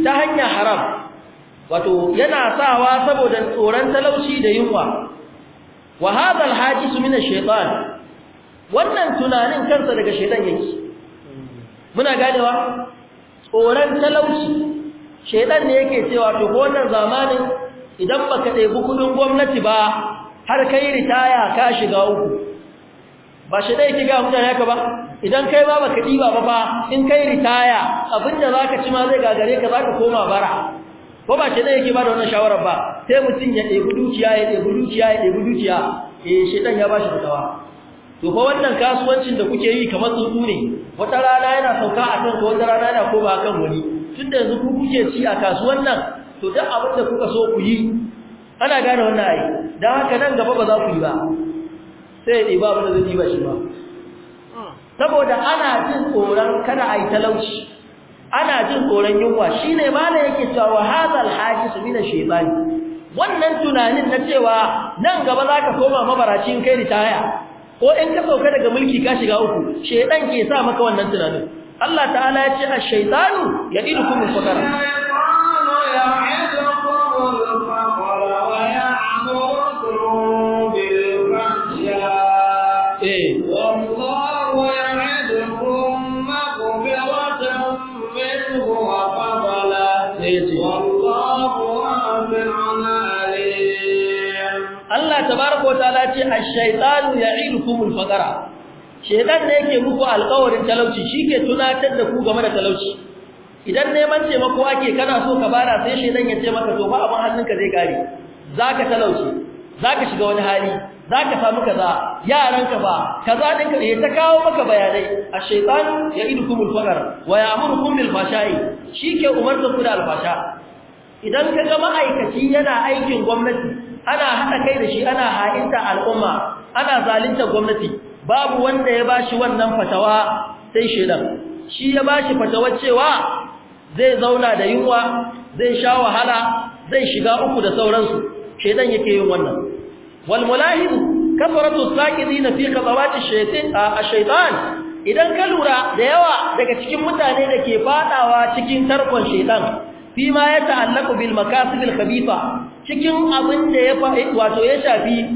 ta hanya haram wato yana sawa saboda tsoron talauci da yunwa wa hada alhajis min ash-shaytan wannan tunanin kansa daga shaytan yake muna ganewa tsoron talauci shaytan ne yake cewa to ko wannan zamanin idan baka ɗebi kudin gwamnati ba har kai ritaya ka shiga uku ba shi dai kiga mutane haka ba idan kai ba baka diba ba in kai ritaya abinda zaka ci ma zai gagare ka zaka koma bara ko ba shi ne yake ba da wannan shawara ba sai mutum ya ɗebi dukiya ya ɗebi dukiya ya ɗebi dukiya eh shi ya ba shi fatawa to fa wannan kasuwancin da kuke yi kamar tsuntsu ne wata rana yana sauka a kan wata rana yana koma kan wani tunda yanzu ku kuke ci a kasuwan nan to duk abin da kuka so ku yi ana gane wannan ai dan haka nan gaba ba za ku yi ba sai dai ba abin da zai yi ba shi ba hmm. saboda ana jin tsoron kada ai talauci ana jin tsoron yunwa shine malam yake cewa wa hadal hajis min ash-shaytan wannan tunanin na cewa nan gaba zaka koma mabaracin kai ritaya ko in ka sauka daga mulki ka shiga uku shaytan ke sa maka wannan tunanin Allah ta'ala ya ce ash-shaytanu ya'idukum al-faqra domin ash-shaytanu ya'idukum al shaytan ne yake muku alƙawarin talauci shike tunatar da ku game da talauci idan neman taimako ake kana so ka bara sai shaytan ya ce maka to ba abin hannunka zai kare zaka talauci zaka shiga wani hali zaka samu kaza yaranka ba kaza din ka ta kawo maka bayanai ash-shaytan ya'idukum al-faqra wa ya'murukum bil-fashai shike umarta ku da al-fasha idan ka ga ma'aikaci yana aikin gwamnati ana haɗa kai da shi ana ha'inta al'umma ana zalunta gwamnati babu wanda ya bashi wannan fatawa sai shedan shi ya bashi fatawar cewa zai zauna da yunwa zai sha wahala zai shiga uku da sauransu shedan yake yin wannan wal mulahid kafaratu saqidin fi qadawati shaytan a shaytan idan ka lura da yawa daga cikin mutane da ke fadawa cikin tarkon shedan fi ma ya ta'allaku bil makasibil khabitha cikin abin da ya wato ya shafi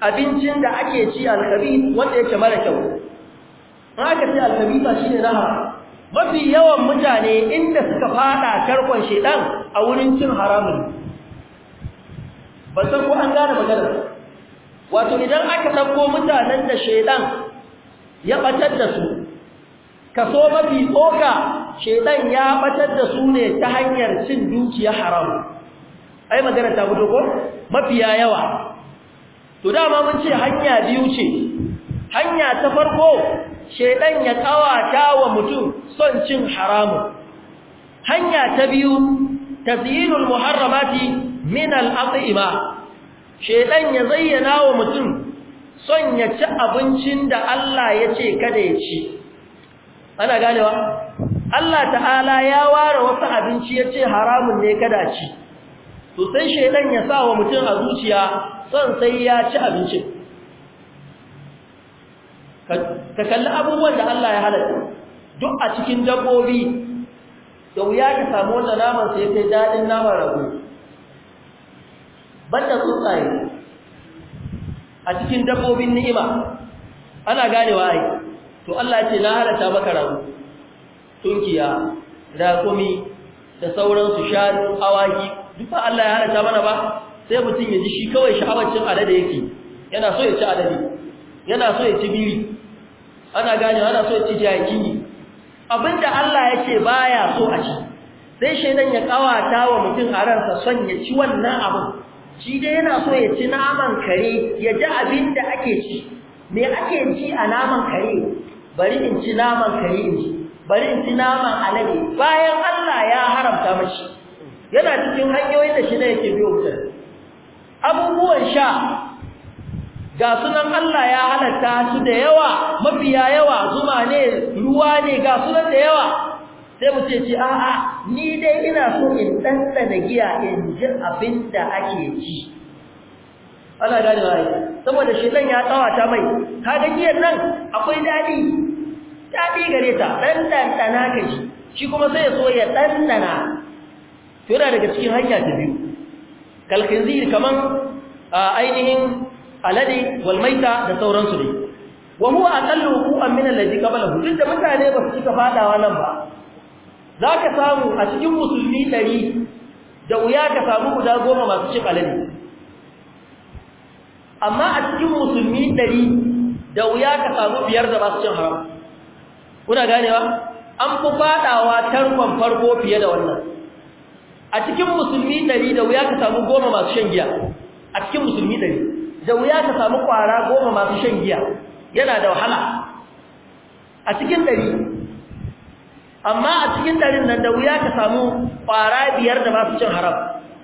abincin da ake ci alkabi wanda yake mara kyau haka sai alkabi ba ne raha mafi yawan mutane inda suka fada tarkon shedan a wurin cin haramun ba san ko an gane magana wato idan aka dauko mutanen da shedan ya batar da su kaso mafi tsoka shedan ya batar da su ne ta hanyar cin dukiya haramun ai magana ta fito ko mafiya yawa to dama mun ce hanya biyu ce hanya ta farko shedan ya kawata wa mutum son cin haramun hanya ta biyu tazyinul muharramati min al-at'ima shedan ya zayyana wa mutum son ya ci abincin da Allah ya ce kada ya ci ana ganewa Allah ta'ala ya ware wasu abinci ya ce haramun ne kada ci to sai shedan ya sa wa mutum a zuciya son sai ya ci abinci. ka kalli abubuwan da Allah ya halatta duk a cikin dabbobi da wuya ka samu wanda naman sai kai dadin naman rago banda tsuntsaye a cikin dabbobin ni'ima ana gane wa ai to Allah ya ce na halatta maka rago tunkiya raƙumi da sauransu shanu awaki duk Allah ya halatta mana ba sai mutum ya ji shi kawai sha'awacin cin alade yake yana so ya ci alade yana so ya ci biri ana gane ana so ya ci jaki abinda Allah yake baya so a ci sai nan ya kawata wa mutum a ransa son ya ci wannan abin shi dai yana so ya ci naman kare ya ji abinda ake ci me ake ci a naman kare bari in ci naman kare in ci bari in ci naman alade bayan Allah ya haramta mashi yana cikin hanyoyin da shi ne yake biyo mutane abubuwan sha ga sunan Allah ya halatta su da yawa mafiya yawa zuma ne ruwa ne ga sunan da yawa sai mu ce a'a ni dai ina so in ɗanɗana giya in ji abin da ake ci ana gane wa saboda shi nan ya tsawata mai ka ga giyan nan akwai daɗi daɗi gare ta ɗanɗana ka shi shi kuma sai ya so ya ɗanɗana to yana daga cikin hanya ta biyu kalkhinzir kaman ainihin alade wal maita da sauransu ne wa huwa aqallu huquqan min alladhi qablahu duk da mutane ba su cika fadawa nan ba zaka samu a cikin musulmi 100 da wuya ka samu guda goma masu cin alade amma a cikin musulmi 100 da wuya ka samu biyar da ba su cin haram kuna ganewa an fi fadawa tarkon farko fiye da wannan a cikin musulmi ɗari da wuya ka samu goma masu shan giya a cikin musulmi ɗari da wuya ka samu ƙwara goma masu shan giya yana da wahala a cikin ɗari amma a cikin ɗarin nan da wuya ka samu ƙwara biyar da masu cin haram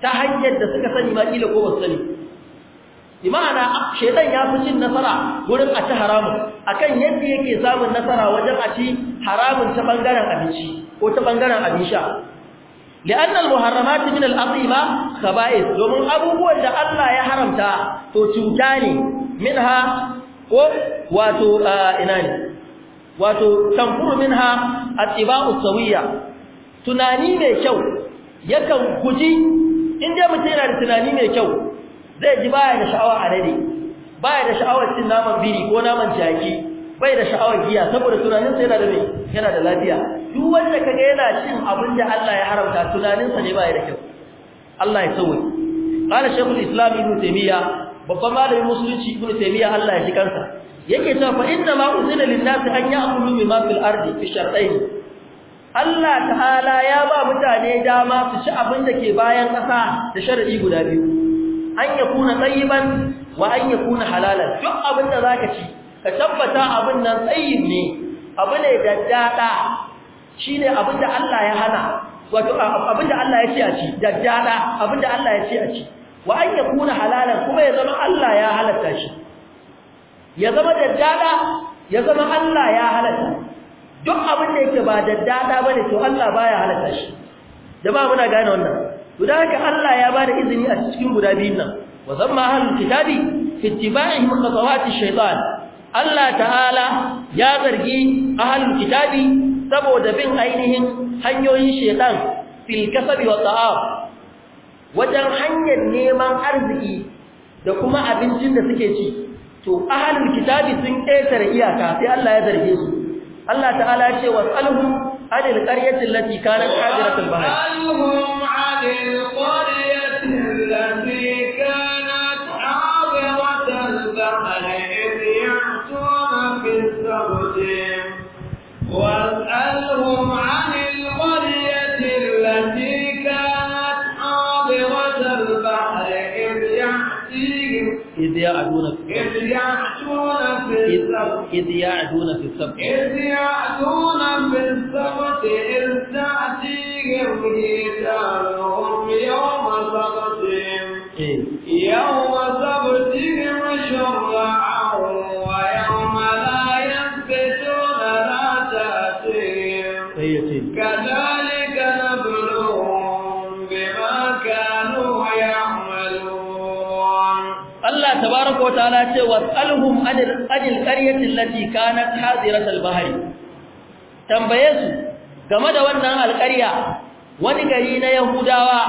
ta hanyar da suka sani ma kila ko wasu sani imana shaitan ya fi cin nasara wurin a ci haramun akan yadda yake samun nasara wajen a ci haramun ta ɓangaren abinci ko ta ɓangaren abin sha لأن المحرمات من الأطيبة خبائث ومن أبوه أن الله يحرم تا تتوتاني منها واتو إناني واتو تنفر منها الطباع السوية tunani mai kyau yakan guji in dai mutum yana tunani mai kyau zai ji baya da sha'awa a dade baya da sha'awar cin naman biri ko naman jaki bai da sha'awar giya saboda tunaninsa yana da mai yana da lafiya duk wanda kaga yana cin abin da Allah ya haramta tunaninsa ne bai da kyau Allah ya sauke qala shaykhul islam ibn taymiya babban malamin musulunci ibn taymiya Allah ya ji kansa yake cewa fa inna ma uzina lin nas an ya'kulu mimma fil ardi fi Allah ta'ala ya ba mutane dama su ci abin da ke bayan ƙasa da sharadi guda biyu an yakuna tayyiban wa an yakuna halalan duk abin da zaka ci ka tabbata abin nan tsayin ne abu ne da dada shine abin da Allah ya hana wato abin da Allah ya ce a ci da dada abin da Allah ya ce a ci wa an ya yakuna halalan kuma ya zama Allah ya halatta shi ya zama da dada ya zama Allah ya halatta duk abin da yake ba da ba ne to Allah baya halatta shi jama'a muna gane wannan Guda da haka Allah ya bada izini a cikin guda biyun nan wa zamma ahlul kitabi fi ittiba'ihim khatawati shaytan Allah ta'ala ya zargi ahlul kitabi saboda bin ainihin hanyoyin shedan fil kasabi wa ta'am wajen hanyar neman arziki da kuma abincin da suke ci to ahlul kitabi sun ƙetare iyaka sai Allah ya zarge su Allah ta'ala ya ce wasalhum adil qaryati allati kanat hadiratul bahr alhum adil qaryati يعدون في السبت إذ يعدون في السبت إذ يعدون في السبت إذ تأتيهم حيتانهم يوم سبتهم إيه. يوم سبتهم شرعا tabaraka wa ta'ala ce wasalhum adil adil qaryati allati kanat hadirat al tambaye su game da wannan alƙarya wani gari na yahudawa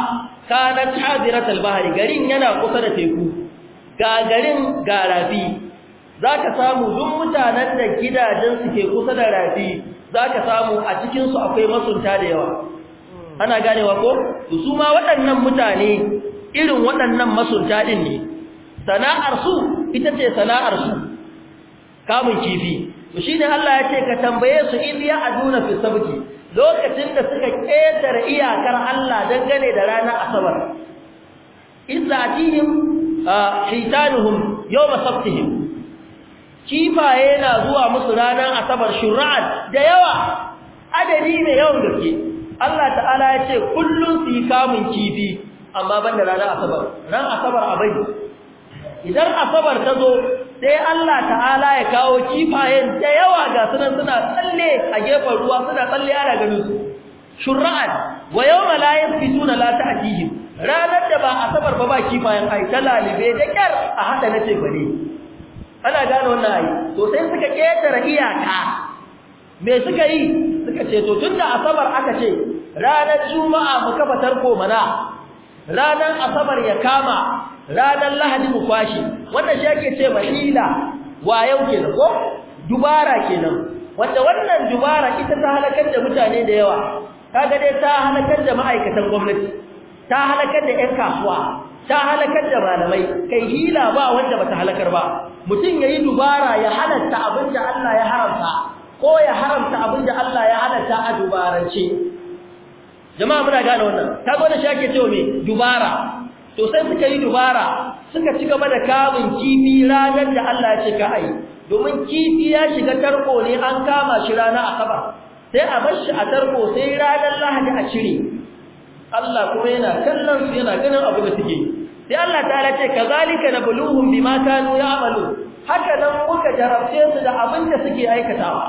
kanat hadirat al garin yana kusa da teku ga garin ga rafi zaka samu duk mutanen da gidajen su ke kusa da rafi zaka samu a cikin su akwai masunta da yawa ana ganewa ko su ma waɗannan mutane irin waɗannan masunta din ne sana'ar su ita ce sana'ar su kamun kifi to shine Allah ya ce ka tambaye su in ya aduna fi sabki lokacin da suka ketare iyakar Allah dangane da ranar asabar izatihim hitanuhum yawm sabtihim kifaye na zuwa musu ranar asabar shur'an da yawa adadi ne yawan gaske Allah ta'ala ya ce kullun su kamun kifi amma banda ranar asabar ran asabar abai idan asabar ta zo sai Allah ta'ala ya kawo kifayen da yawa ga sunan suna tsalle a gefen ruwa suna tsalle ana ganin su shur'an wa yawma la yafituna la ta'tihim ranar da ba asabar ba ba kifayen ai talalibe da kyar a hada na ce tebare ana gane wannan ai to sai suka ketare iyaka me suka yi suka ce to tunda asabar aka ce ranar juma'a mu kafa tarko mana ranar asabar ya kama ranar lahadi mu kwashi wannan shi ake ce mahila wayau kenan ko dubara kenan wanda wannan dubara ita ta halakar da mutane da yawa kaga dai ta halakar da ma'aikatan gwamnati ta halakar da ƴan kasuwa ta halakar da malamai kai hila ba wanda bata halakar ba mutum yayi dubara ya halatta abin da Allah ya haramta ko ya haramta abin da Allah ya halatta a dubarance jama'a muna gane wannan ta gwada shi ake cewa me dubara to sai suka yi dubara suka ci gaba da kamun kifi ranar da Allah ya ce ka ai domin kifi ya shiga tarko ne an kama shi rana a kaba sai a bar shi a tarko sai ranar lahadi a cire Allah kuma yana kallon su yana ganin abu da suke sai Allah ta'ala ce kazalika nabluhum bima kanu ya'malu haka nan muka jarabce su da abin da suke aikatawa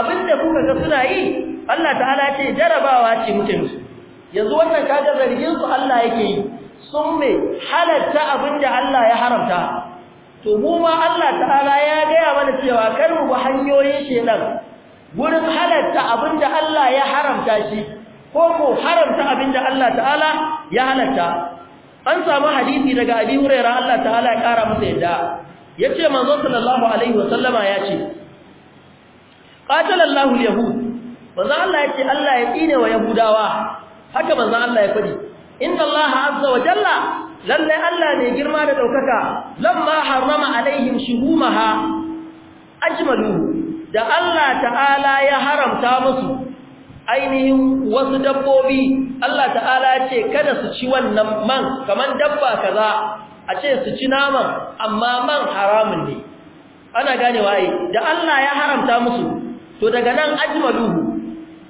abin da kuka ga suna yi Allah ta'ala ce jarabawa ce muke yanzu wannan kaga zargin su Allah yake yi sun me halatta abinda Allah ya haramta to mu ma Allah ta'ala ya gaya mana cewa kar mu bi hanyoyin shedan gurin halatta abinda Allah ya haramta shi ko mu haramta abinda Allah ta'ala ya halatta an samu hadisi daga Abi Hurairah Allah ta'ala ya kara masa yadda yace manzo sallallahu alaihi wasallama yace qatala Allahu al-yahud Bazan Allah yake Allah ya tsine wa yahudawa haka manzo Allah ya faɗi inna Allah azza wa jalla lalle Allah ne girma da daukaka lamma harrama alaihim shuhumaha ajmalu da Allah ta'ala ya haramta musu ainihin wasu dabbobi Allah ta'ala ya ce kada su ci wannan man kaman dabba kaza a ce su ci naman amma man haramun ne ana ganewa ai da Allah ya haramta musu to daga nan ajmaluhu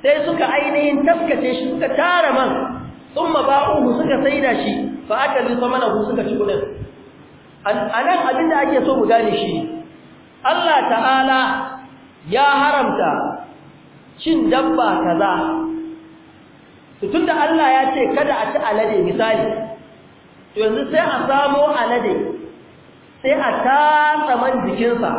sai suka ainihin taskace shi suka tara man ba uhu suka saida shi fa akalu samanahu suka ci kudin anan abin da ake so mu gane shi Allah ta'ala ya haramta cin dabba kaza tunda Allah ya ce kada a ci alade misali to yanzu sai a samo alade sai a tatsa man jikinsa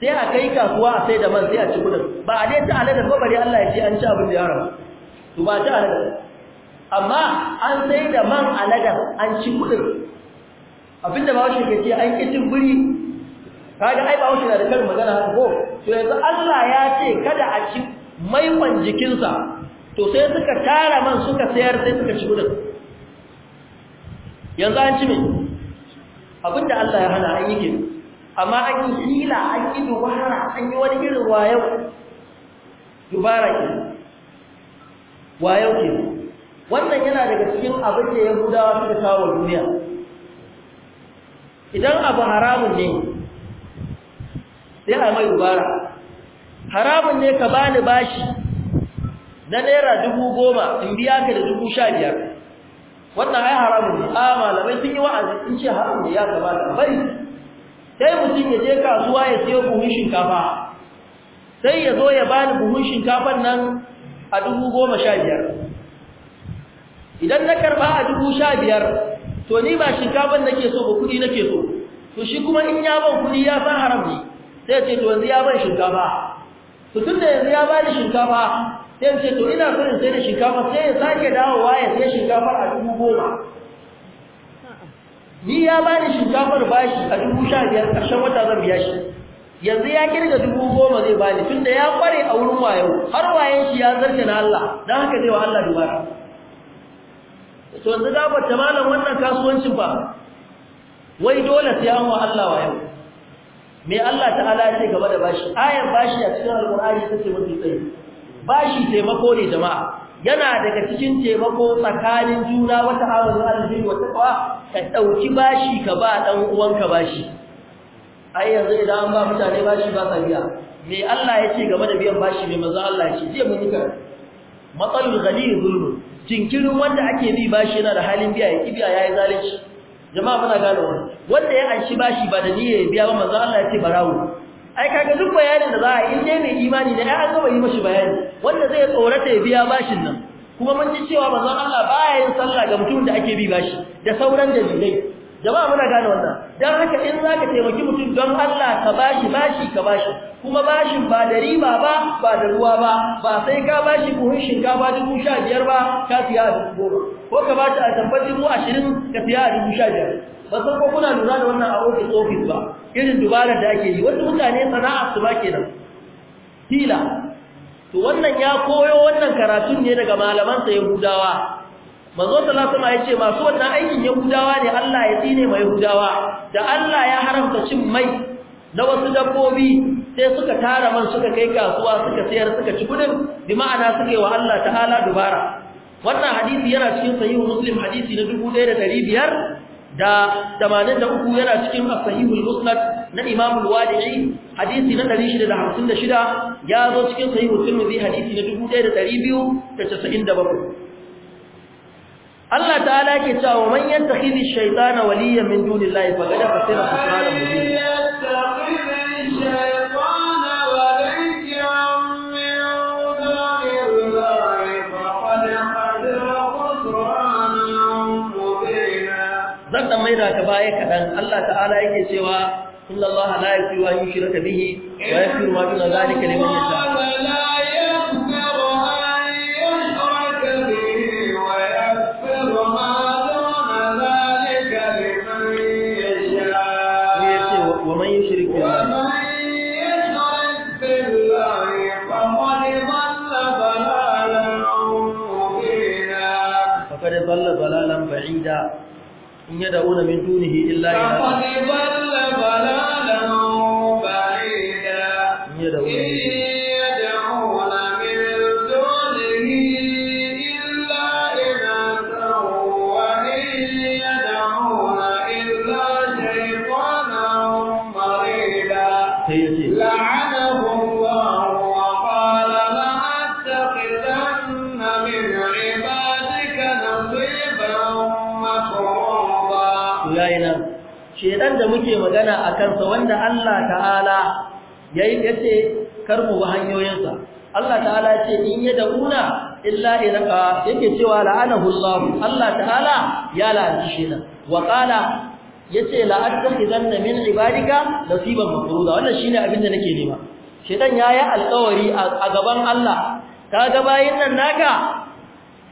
sai a kai kasuwa a sai da man sai a ci kudin ba a dai ta alada ko bari Allah ya ce an ci abin da ya rabu to ba ta alada amma an sai da man alada an ci kudin da ba shi ke ce an kitin buri kaga ai ba shi da karin magana haka ko to yanzu Allah ya ce kada a ci maiwan jikinsa to sai suka tara man suka sayar sai suka ci kudin yanzu an ci me abinda Allah ya hana an yi kenan amma an yi hila an yi dubara an yi wani irin wayo dubara ke wayo ke wannan yana daga cikin abin da yahudawa suka kawo wa duniya idan abu haramun ne sai a mai dubara haramun ne ka bani bashi na naira dubu goma in biya ka da dubu sha biyar wannan ai haramun ne a malamai sun yi wa'azi sun ce haramun ne ya kamata bari sai mutum ya je kasuwa ya siyo buhun shinkafa sai ya zo ya bani buhun shinkafan nan a dubu goma sha biyar idan na karba a dubu sha biyar to ni ba shinkafan nake so ba kuɗi nake so to shi kuma in ya ban kuɗi ya san haram ne sai ce to yanzu ya ban shinkafa to tun da yanzu ya bani shinkafa sai ce to ina son in sai da shinkafa sai ya sake dawowa ya sai shinkafar a dubu goma ni ya bani shinkafar bashi a dubu sha biyar ƙarshen wata zan biya shi yanzu ya kirga dubu goma zai bani tunda ya kware a wurin wayo har wayen shi ya zarce na Allah don haka zai wa Allah dubara to yanzu gafarta malam wannan kasuwancin ba wai dole sai an wa Allah wayo me Allah ta'ala ya ce game da bashi ayar bashi a cikin alqur'ani take mutuntai bashi taimako ne jama'a yana daga cikin taimako tsakanin juna wata hawan arziki wata kawa ka ɗauki bashi ka ba ɗan uwanka bashi ai yanzu idan an ba mutane bashi ba sa biya me Allah ya ce game da biyan bashi me manzo Allah ya ce je mun nika matsalul ghali zulm jinkirin wanda ake bi bashi yana da halin biya ya kibiya yayi zalunci jama'a muna gane wannan wanda ya anshi bashi ba da niyyar biya ba manzo Allah ya ce barawo ai kaga duk bayanin da za a in dai mai imani da ai an gaba yi mashi bayani wanda zai tsorata ya biya bashin nan kuma mun ji cewa manzon Allah baya yin sallah ga mutumin da ake bi bashi da sauran dalilai jama'a muna gane wannan dan haka in zaka taimaki mutum don Allah ka bashi bashi ka bashi kuma bashin ba da riba ba ba da ruwa ba ba sai ka bashi buhun shinkafa dubu sha biyar ba ka siya a dubu goma ko ka bashi a tabbatin mu ashirin ka siya a dubu sha biyar ba san ko kuna lura da wannan a ofis ofis ba irin dubara da ake yi wasu mutane sana'a su ba kenan hila to wannan ya koyo wannan karatun ne daga malaman sa yahudawa manzo sallallahu alaihi wasallam ya ce masu wannan aikin yahudawa ne Allah ya tsine mai yahudawa da Allah ya haramta cin mai na wasu dabbobi sai suka tara man suka kai kasuwa suka sayar suka ci gudun. bi ma'ana suka wa Allah ta'ala dubara wannan hadisi yana cikin sahihu muslim hadisi na 1500 da 83 yana cikin sahihul musnad na imam al-wadi'i hadisi na 656 ya zo cikin sahihul tirmidhi hadisi na 1297 Allah ta'ala yake cewa man yantakhidhi shaytana waliyan min dunillahi faqad khasira khusranan mubina baya kaɗan Allah ta'ala yake cewa sallallahu la yaghfiru wa yushraka bihi wa yaghfiru ma duna zalika liman yasha إن يدعون من دونه إلا إناثا فقد ضل ضلالا بعيدا إن يدعون من دونه إلا إناثا وإن يدعون إلا شيطانا مريدا لعنه الله وقال لأتخذن من عبادك نصيبا مفروضا ku yayi nan shedan da muke magana akan sa wanda Allah ta'ala yayi yace kar mu ba hanyoyinsa Allah ta'ala ce in ya dauna illa ilaqa yake cewa la'anahu Allah Allah ta'ala ya la'anci shedan wa qala yace la'attakhidanna min ibadika nasiban mafruda wannan shine abin da nake nema shedan yayi alƙawari a gaban Allah kaga bayin nan naka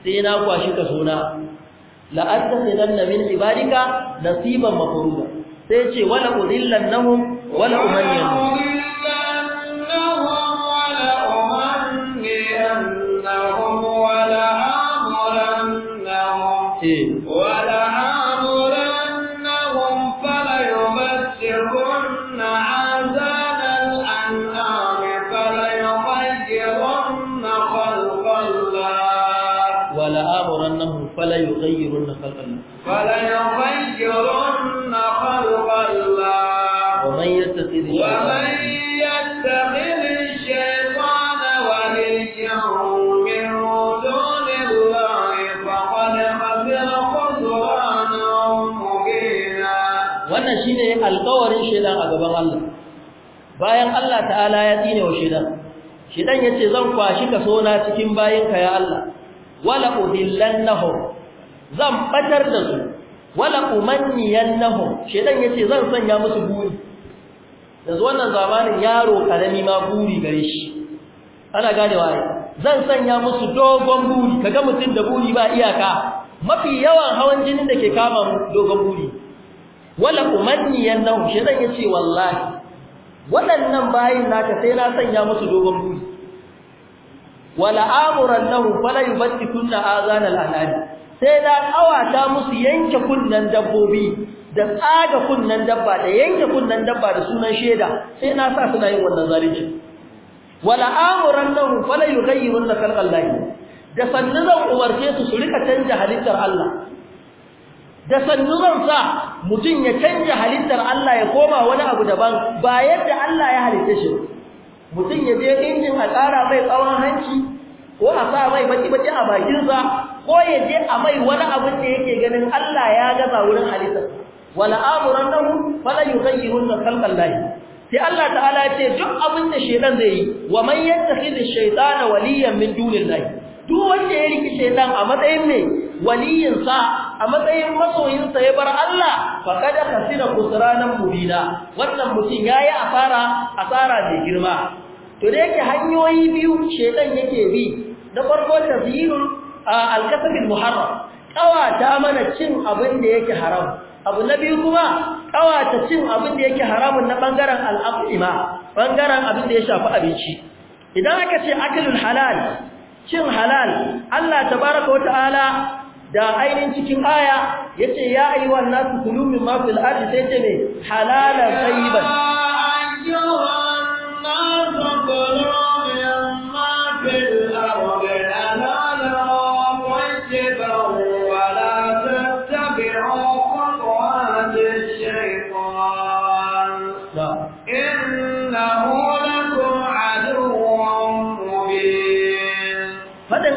sai na kwashi ka sona la attaqidanna min ibadika nasiban mafruda sai ce wala udillannahum wala umannahum bayan Allah ta'ala ya tsine wa shedan shedan yace zan kwashi ka sona cikin bayinka ya Allah wala naho zan batar da su wala umanniyannahum shedan yace zan sanya musu buri yanzu wannan zamanin yaro karami ma buri gare shi ana gane waye zan sanya musu dogon buri kaga mutum da buri ba iyaka mafi yawan hawan jinin da ke kama dogon buri wala umanniyannahum shedan yace wallahi waɗannan bayin naka sai na sanya musu dogon buri wala amuran lahu fala kunna azanal anani sai na kawata musu yanke kunnan dabbobi da tsaga kunnan dabba da yanke kunnan dabba da sunan sheda sai na sa suna yin wannan zalunci wala amuran lahu fala yughayyirunna khalqallahi da sannu zan umarce su su rika canja halittar Allah da sannu zan sa mutum ya canja halittar Allah ya koma wani abu daban ba yadda Allah ya halitta shi mutum ya je injin a tsara mai tsawon hanci ko a sa mai baki-baki a bakinsa ko ya je a mai wani abin da yake ganin Allah ya gaza wurin halittar wala amuran nahu fala yughayyiru khalqal lahi sai Allah ta'ala ya ce duk abin da shedan zai yi wa man yattakhidhu shaiɗa shaytana waliyan min dunillahi duk wanda ya riki shaiɗan a matsayin ne waliyinsa a matsayin masoyinsa ya bar Allah faqad kasira kusranan mubina wannan mutum yayi asara asara mai girma to da yake hanyoyi biyu shedan yake bi na farko a alkasabil muharram kawata mana cin abin da yake haram abu na biyu kuma kawata cin abin da yake haramun na bangaren al'afima bangaren abin da ya shafi abinci idan aka ce akilul halal cin halal Allah tabaraka wata'ala da ainihin cikin aya yace ya ayyuhan nasu kulu mimma fil ardi sai ce ne halalan tayyiban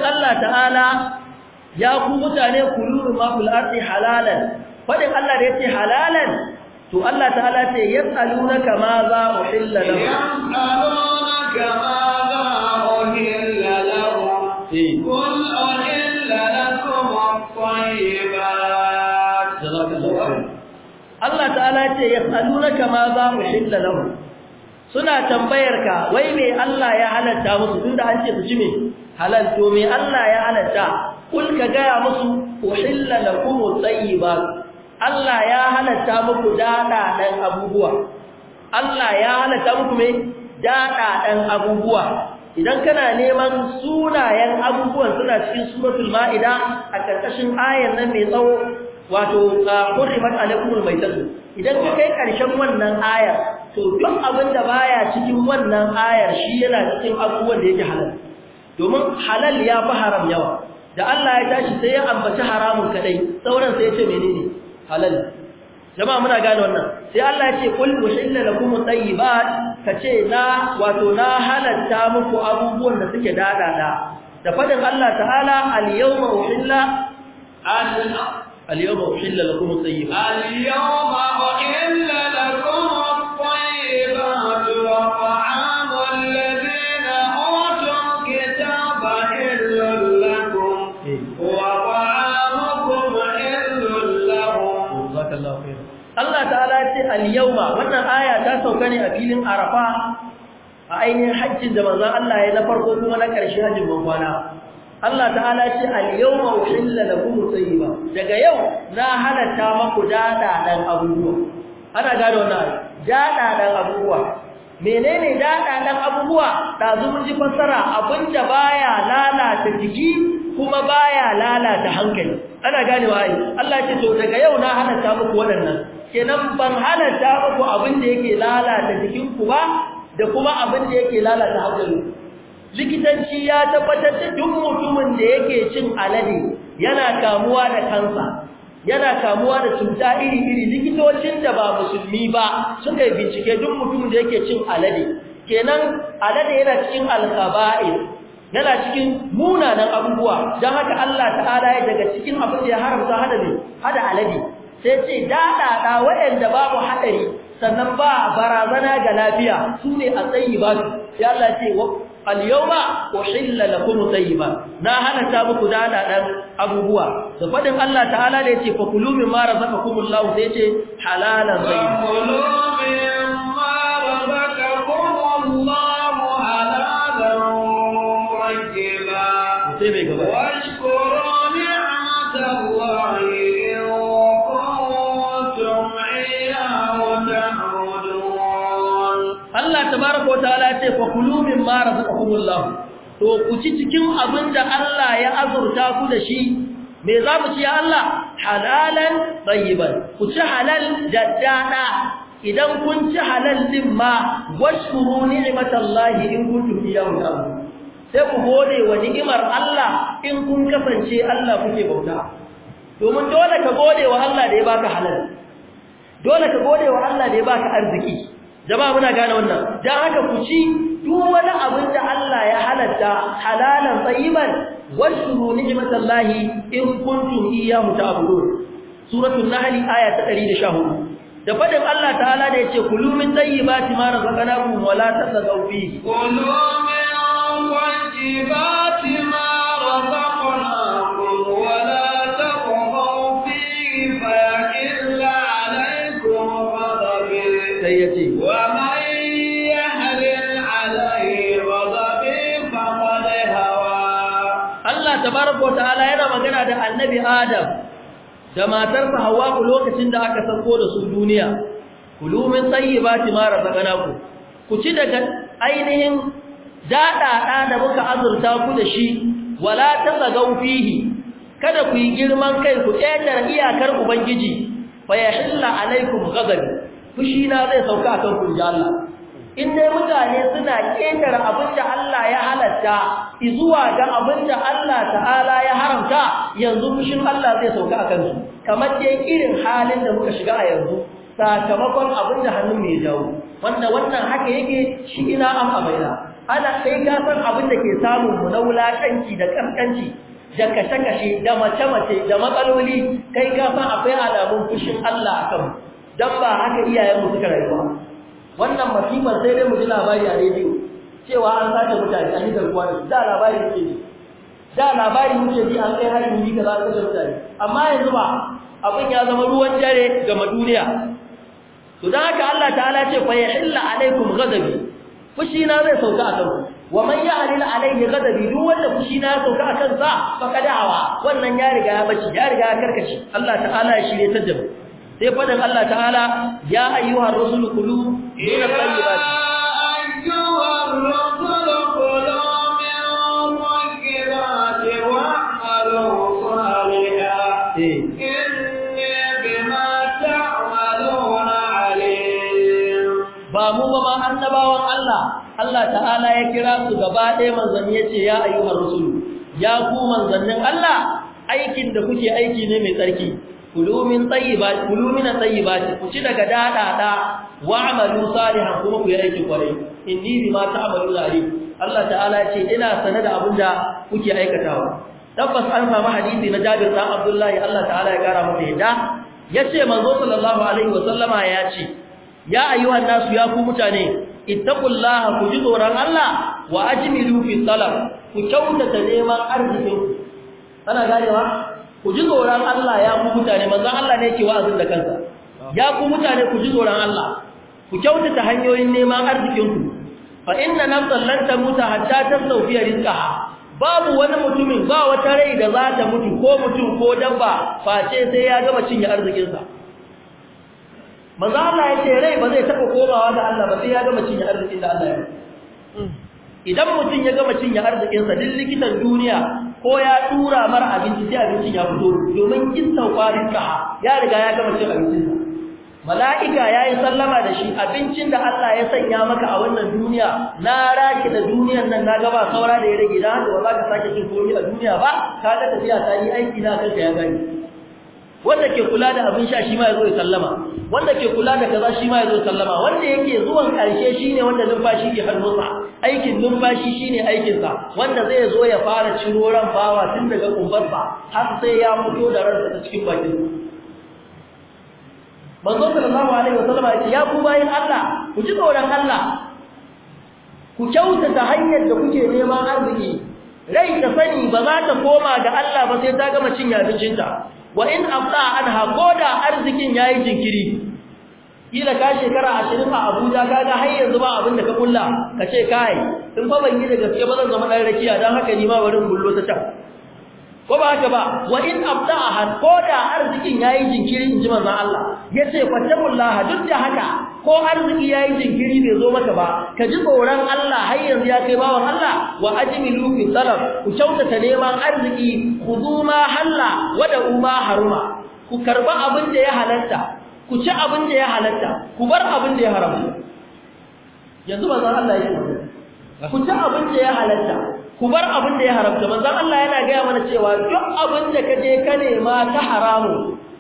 Allah ta'ala ya ku mutane kullu ma fil ardi halalan fadin Allah da yace halalan to Allah ta'ala ce yas'alunaka ma za uhilla lahum yas'alunaka ma za uhilla lahum qul uhilla lakum at-tayyibat Allah ta'ala ce yas'alunaka ma za uhilla lahum suna tambayarka wai me Allah ya halatta musu tunda an ce su ci me halal to me Allah ya halatta kul ka gaya musu uhilla lakum tayyibat Allah ya halatta muku dada dan abubuwa Allah ya halatta muku me dada dan abubuwa idan kana neman sunayen abubuwan suna cikin suratul ma'ida a karkashin ayar nan mai tsawo wato qurrimat alaykumul maytatu idan ka kai karshen wannan ayar to duk abin da baya cikin wannan ayar shi yana cikin abubuwan da yake halal domin halal ya fi haram yawa da Allah ya tashi sai ya ambaci haramun kadai sauran sai ya ce menene halal jama'a muna gane wannan sai Allah ya ce qul uhilla lakum at ka kace na wato na halatta muku abubuwan da suke dadada da fadin Allah ta'ala al-yawma uhilla al-yawma uhilla lakum tayyibat al-yawma uhilla lakum Allah ta'ala ya ce al-yawma wannan aya ta sauka ne a filin Arafa a ainihin hajjin da manzon Allah ya na farko kuma na ƙarshe hajjin bankwana Allah ta'ala ya ce al-yawma uhilla lakum tayyiba daga yau na halatta maku dada dan abubuwa ana gane wannan dada dan abubuwa menene dada dan abubuwa da mun ji fassara abinda baya lalata jiki kuma baya lalata hankali ana ganewa ai Allah ya ce to daga yau na halatta muku waɗannan kenan ban halatta muku abin da yake lalata jikinku ba da kuma abin da yake lalata haƙuri likitanci ya tabbatar da duk mutumin da yake cin alade yana kamuwa da kansa yana kamuwa da cuta iri-iri likitocin da ba musulmi ba suna bincike duk mutumin da yake cin alade kenan alade yana cikin alkaba'ir yana cikin munanan abubuwa don haka Allah ta'ala ya daga cikin abin da ya haramta hada hada alade sai ce daɗaɗa waɗanda babu haɗari sannan ba barazana ga lafiya su ne a tsayi ba su ya Allah ce al-yawma uhilla lakum tayyiba na hana ta muku daɗaɗan abubuwa da faɗin Allah ta'ala da yace fa kulu mimma razaqakumullahu sai yace halalan tayyiba wa kulubin ma razaqakumullah to ku ci cikin abinda Allah ya azurta ku da shi me za mu ci ya Allah halalan tayyiban ku ci halal jaddada idan kun ci halal din ma washkuru ni'matallahi in kuntum iyyahu ta'budun sai ku gode wa ni'imar Allah in kun kasance Allah kuke bauta domin dole ka gode wa Allah da ya baka halal dole ka gode wa Allah da ya baka arziki jama'a muna gane wannan dan haka ku ci duk wani abin da Allah ya halatta halalan tayyiban washkuru ni'matallahi in kuntum iyyahu ta'budun suratul nahl aya ta 114 da fadin Allah ta'ala da yace kulu min tayyibati ma razaqnakum wa la tasagaw fi min tayyibati ma wataala yana magana da annabi Adam da matarsa ku lokacin da aka sauko da su duniya kulu min tayyibati ma razaqnakum ku ci daga ainihin daɗaɗa da muka azurta ku da shi wala gaufi fihi kada ku yi girman kai ku ƙetare iyakar ubangiji fa yahilla alaikum ghadabi fushi na zai sauka akan ku ji Allah in dai mutane suna ƙetare abin da Allah ya halatta zuwa ga abin da Allah ta'ala ya haramta yanzu fushin Allah zai sauka a kansu kamar dai irin halin da muka shiga a yanzu sakamakon abin da hannun mai jawo wanda wannan haka yake shi ina an abaina ana sai ka san abin da ke samun mu na wulakanci da kankanci da kashe-kashe da mace-mace da matsaloli kai ka san akwai alamun fushin Allah a kanmu dan ba haka iyayenmu suka rayuwa wannan masifar sai dai mu ji labari a rediyo cewa an sace mutane an yi garkuwa da su da labari muke ji da labari muke ji an kai harin yi kaza an sace mutane amma yanzu ba abin ya zama ruwan dare ga Maduniya. to don haka Allah ta'ala ce fa yahilla alaikum ghadabi fushi na zai sauka a kanku wa man ya'lil alaihi ghadabi duk wanda fushi na ya sauka a kansa fa kadawa wannan ya riga ya bace ya riga ya karkace Allah ta'ala ya shirye ta da sai fadin Allah ta'ala ya ayyuhar rusul kulu ila tayyibat eh. annabawan Allah Allah ta'ala ya kira su gaba ɗaya manzanni yace ya ayyuhar rasulu ya ku manzannin Allah aikin da kuke aiki ne mai tsarki kulu min tayyibat kulu ku ci daga wa amalu salihan kuma ku yi aikin kwarai inni bima ta'maluna alim Allah ta'ala ce ina sanar da abinda kuke aikatawa tabbas an samu hadisi na Jabir da Abdullah Allah ta'ala ya gara masa yadda yace manzo sallallahu alaihi wa sallama ya ce ya ayyuhan nasu ya ku mutane ittaqullaha ku ji tsoron Allah wa ajmilu fi talab ku kyautata neman arzikin kana ganewa ku ji tsoron Allah ya ku mutane manzon Allah ne ke wa'azin da kansa ya ku mutane ku ji tsoron Allah ku kyautata hanyoyin neman arzikinku fa inna nafsan lan tamuta hatta tasawfi rizqaha babu wani mutumin ba wata rai da za ta mutu ko mutum ko dabba face sai ya gama cinye arzikinsa manzo Allah ya ce rai ba zai taba komawa da Allah ba sai ya gama cinye arzikin da Allah ya yi mm. idan mutum ya gama cinye arzikinsa duk likitan duniya ko ya tura mara abinci sai abincin ya fito domin kin saukarin ka ya riga ya gama cin abincinsa mala'ika ya yi sallama da shi abincin da Allah ya sanya maka a wannan duniya na raki da duniyan nan na gaba saura da ya rage da haka ba za ka sake cin komai a duniya ba ka ga tafiya ta yi aiki na kanka ya gani wanda ke kula da abin sha shi ma yazo ya sallama wanda ke kula da kaza shi ma yazo sallama wanda yake zuwan karshe shine wanda numfashi ke hannunsa aikin numfashi shine aikin sa wanda zai zo ya fara ciro ran bawa tun daga kumbarsa har sai ya fito da ransa ta cikin bakin manzo sallallahu alaihi wasallam ya ce ya ku bayin Allah ku ji tsoron Allah ku kyautata hanyar da kuke neman arziki rai ta sani ba za ta koma ga Allah ba sai ta gama cin abincinta wa in abda anha koda arzikin yayi jinkiri kila ka shekara 20 a Abuja kaga har yanzu ba abin da ka kulla kace kai in fa ban yi da gaske ba zan zama dan rakiya dan haka ni ma barin bullo ta ta. ko ba haka ba wa in abda'aha ko da arzikin yayi jinkiri in ji manzon Allah yace tabullah duk da haka ko arziki yayi jinkiri bai zo maka ba ka ji tsoron Allah har yanzu ya kai bawan Allah wa ajmilu fi talab ku kyautata neman arziki khudu ma halla wa da uma haruma ku karba abin da ya halatta ku ci abin da ya halatta ku bar abin da ya haramta yanzu manzon Allah yake ku ci abin da ya halatta ku bar abin da ya haramta manzon Allah yana gaya mana cewa duk abin da ka je ka nema ta haramu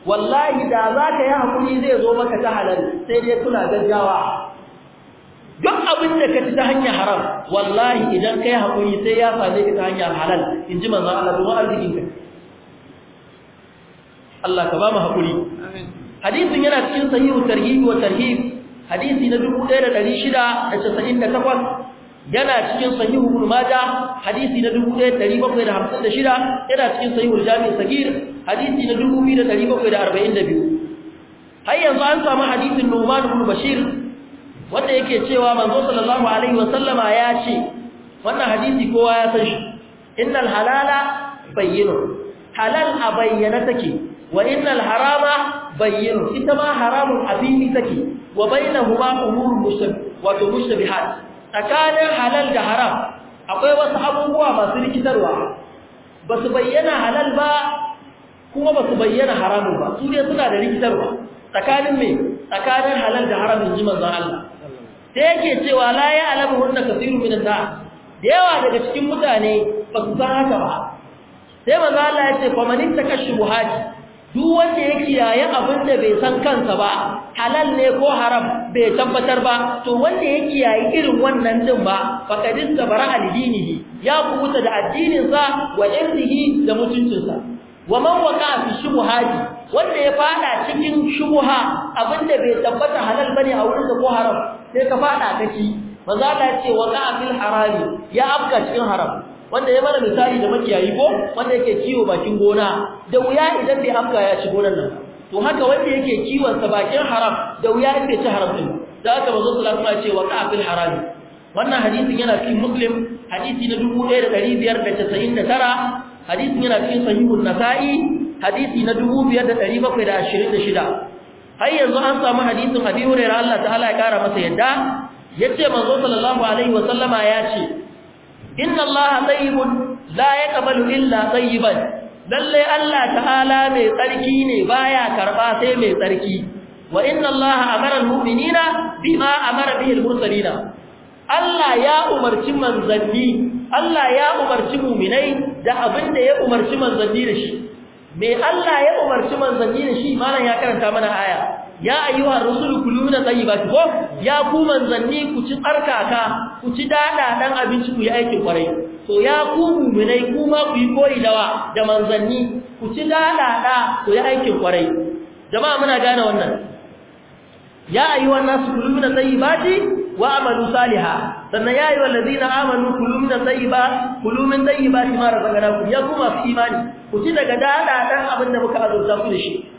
wallahi da za ka yi hakuri zai zo maka ta halal sai dai kuna gaggawa duk abin da ka ci ta hanyar haram wallahi idan ka yi hakuri sai ya same ka ta hanyar halal in ji manzon Allah domin arzikin ka Allah ka ba mu hakuri hadisin yana cikin sahihu tarhib wa tarhib hadisi na 1698 yana cikin sahihu ibn hadisi na 1756 yana cikin sahihu jami' sagir hadisi na 2742 har yanzu an samu hadisin numan ibn bashir wanda yake cewa manzo sallallahu alaihi wasallama ya ce wannan hadisi kowa ya san shi innal halala bayyinun halal a bayyana take wa innal harama bayyinun ita ma haramun abini take wa bainahuma umurun mushtabihat tsakanin halal da haram akwai wasu abubuwa masu rikitarwa ba su bayyana halal ba kuma ba su bayyana haramun ba su ne suna da rikitarwa tsakanin mai tsakanin halal da haramun ji manzan Allah ta yake cewa la ya alamu hunna kasiru ta da yawa daga cikin mutane ba su san haka ba sai manzan Allah ya ce ta kashi buhari duk wanda ya kiyaye abin da bai san kansa ba halal ne ko haram bai tabbatar ba to wanda ya kiyaye irin wannan din ba faqadin sabara al-dinihi ya kubuta da addinin sa wa irdihi da mutuncinsa sa wa man waqa fi shubuhati wanda ya fada cikin shubuha abinda bai tabbata halal bane a wurin ko haram sai ka fada kaci manzo Allah ya ce waqa fil harami ya afka cikin haram wanda ya mana misali da makiyayi ko wanda yake kiwo bakin gona da wuya idan bai afka ya ci gonar nan to haka wanda yake kiwon sa bakin haram da wuya yake ci haram din da aka bazo sallallahu alaihi wasallam ce wa kafil haram wannan hadisin yana cikin muslim hadisi na 1599 hadisin yana cikin sahihun nasa'i hadisi na 2726 har yanzu an samu hadisin abi hurairah Allah ta'ala ya kara masa yadda yace manzo sallallahu alaihi wasallama ya ce inna allaha tayyibun la yaqbalu illa tayyiban lalle allah ta'ala mai tsarki ne baya karba sai mai tsarki wa inna allaha amara almu'minina bima amara bihi almursalina allah ya umarci manzanni allah ya umarci mu'minai da abin da ya umarci manzanni da shi me allah ya umarci manzanni da shi malam ya karanta mana aya ya ayyuha rusul kulu min tayyibati ko ya ku manzanni ku ci tsarkaka ku ci dada dan abinci ku yi aikin kwarai to ya ku mu'minai kuma ku yi koyi dawa da manzanni ku ci dada da ku yi aikin kwarai jama'a muna gane wannan ya ayyuhan nasu kulu min tayyibati wa amalu salihah sannan ya ayyuhal ladina amanu kulu min tayyiba kulu min tayyibati ma razaqnakum ya kuma imani ku ci daga dada dan abin da muka azurta ku da shi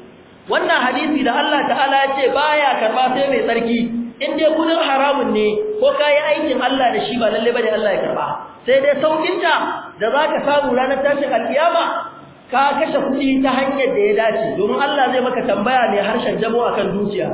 wannan hadisi da Allah ta'ala ya ce baya karba sai mai tsarki in dai kudin haramun ne ko kai aikin Allah da shi ba lalle bane Allah ya karba sai dai ta da zaka samu ranar tashin alkiyama ka kashe kudi ta hanyar da ya dace domin Allah zai maka tambaya mai harshen jamo akan dukiya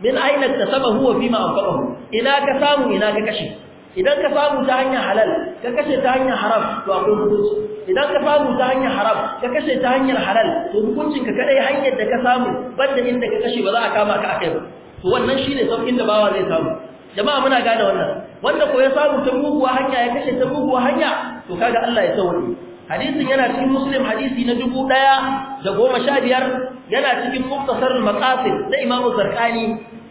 min aina tasabahu wa fima anfaqahu ina ka samu ina ka kashe idan ka samu ta hanyar halal ka kashe ta hanyar haram to akwai idan ka samu ta hanyar haram ka kashe ta hanyar halal to hukuncin ka kadai hanyar da ka samu banda inda ka kashe ba za a kama ka akai ba to wannan shine saukin da bawa zai samu jama'a muna gane wannan wanda ko ya samu ta muguwa hanya ya kashe ta muguwa hanya to kaga Allah ya sauke hadisin yana cikin muslim hadisi na dubu ɗaya da goma sha biyar yana cikin muktasar maqasid na imamu zarkani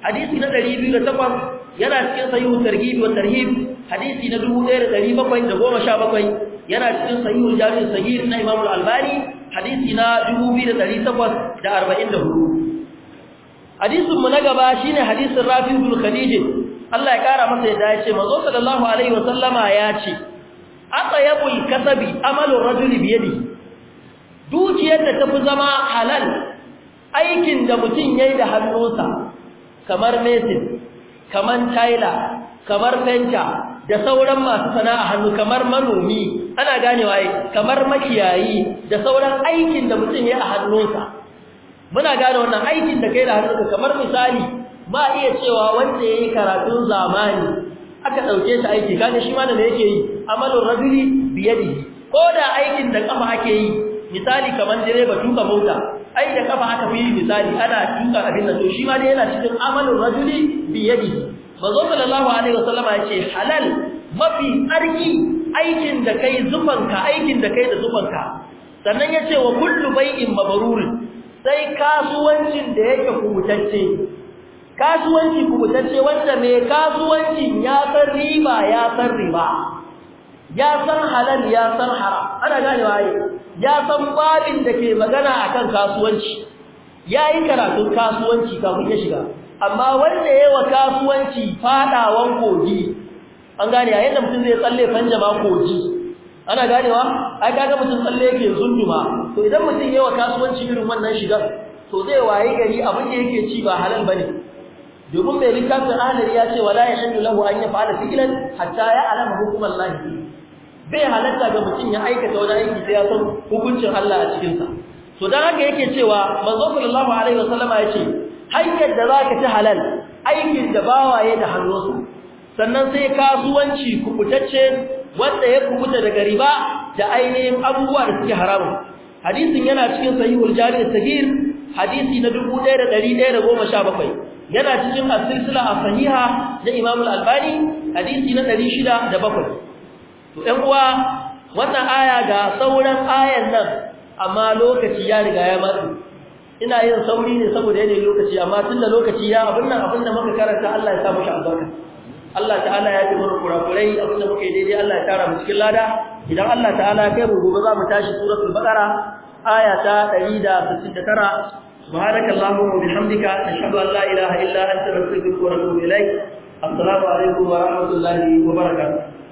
hadisi na ɗari biyu da takwas yana cikin sahihu targhib wa tarhib hadisi na 1717 yana cikin sahihu jami' sahih na Imam al-Albani hadisi na 2844 hadisin mu na gaba shine hadisin Rafi bin Khadija Allah ya kara masa yadda ya ce manzo sallallahu alaihi wa sallama ya ce atayabul kasabi amalu rajuli biyadi dukiyar da tafi zama halal aikin da mutum yayi da hannunsa kamar mesin kamar taila kamar fenta da sauran masu sana'a hannu kamar manomi ana ganewa yi kamar makiyayi da sauran aikin da mutum ya a hannunsa muna gane wannan aikin da kai da hannunka kamar misali ba iya cewa wanda ya yi karatun zamani aka ɗauke shi aiki gane shi ma da yake yi amalin rajuli biyadi ko da aikin da kafa ake yi misali kamar direba tuka mota ai da kafa aka yi misali ana tuka abin nan to shi ma dai yana cikin amalin rajuli bi yadi bazo sallallahu alaihi wasallama yace halal mafi tsarki aikin da kai zufanka aikin da kai da zufanka sannan yace wa kullu bai'in mabrur sai kasuwancin da yake kubutacce kasuwanci kubutacce wanda mai kasuwancin ya san riba ya san riba ya san halal ya san haram ana ganewa yayi ya san babin da ke magana akan kasuwanci ya yi karatun kasuwanci kafin ya shiga amma wanda ya wa kasuwanci fadawan kogi an gane a yadda mutum zai tsalle fanjama kogi ana ganewa ai kaga mutum tsalle yake zunduma to idan mutum ya yi wa kasuwanci irin wannan shiga to zai waye gari abin da yake ci ba halal ba ne. domin mai littafin ahlari ya ce wala yahillu lahu an yaf'ala fi'lan hatta hukumar hukumallahi bai halatta ga mutum ya aikata wani aiki sai ya san hukuncin Allah a cikinsa to dan haka yake cewa manzo sallallahu alaihi wasallama yace hanyar da zaka ci halal aikin da bawaye da hannunsa sannan sai kasuwanci kubutacce wanda ya kubuta daga riba da ainihin abubuwa da suke haramun hadisin yana cikin sahihul jami' sagir hadisi na 1117 yana cikin as-silsila as-sahiha na Imam al-Albani hadisi na 607 to ɗan uwa wannan aya ga sauran ayan nan amma lokaci ya riga ya matsu ina yin sauri ne saboda yanayin lokaci amma tun da lokaci ya abin nan abin da muka karanta Allah ya sa mushi albarka Allah ta'ala ya ji mana kurakurai abin da muka yi daidai Allah ya tara mu cikin lada idan Allah ta'ala ya kai mu gobe za mu tashi suratul baqara aya ta 169 سبحانك اللهم وبحمدك نشهد ان لا اله الا انت نستغفرك ونتوب اليك السلام عليكم ورحمه الله وبركاته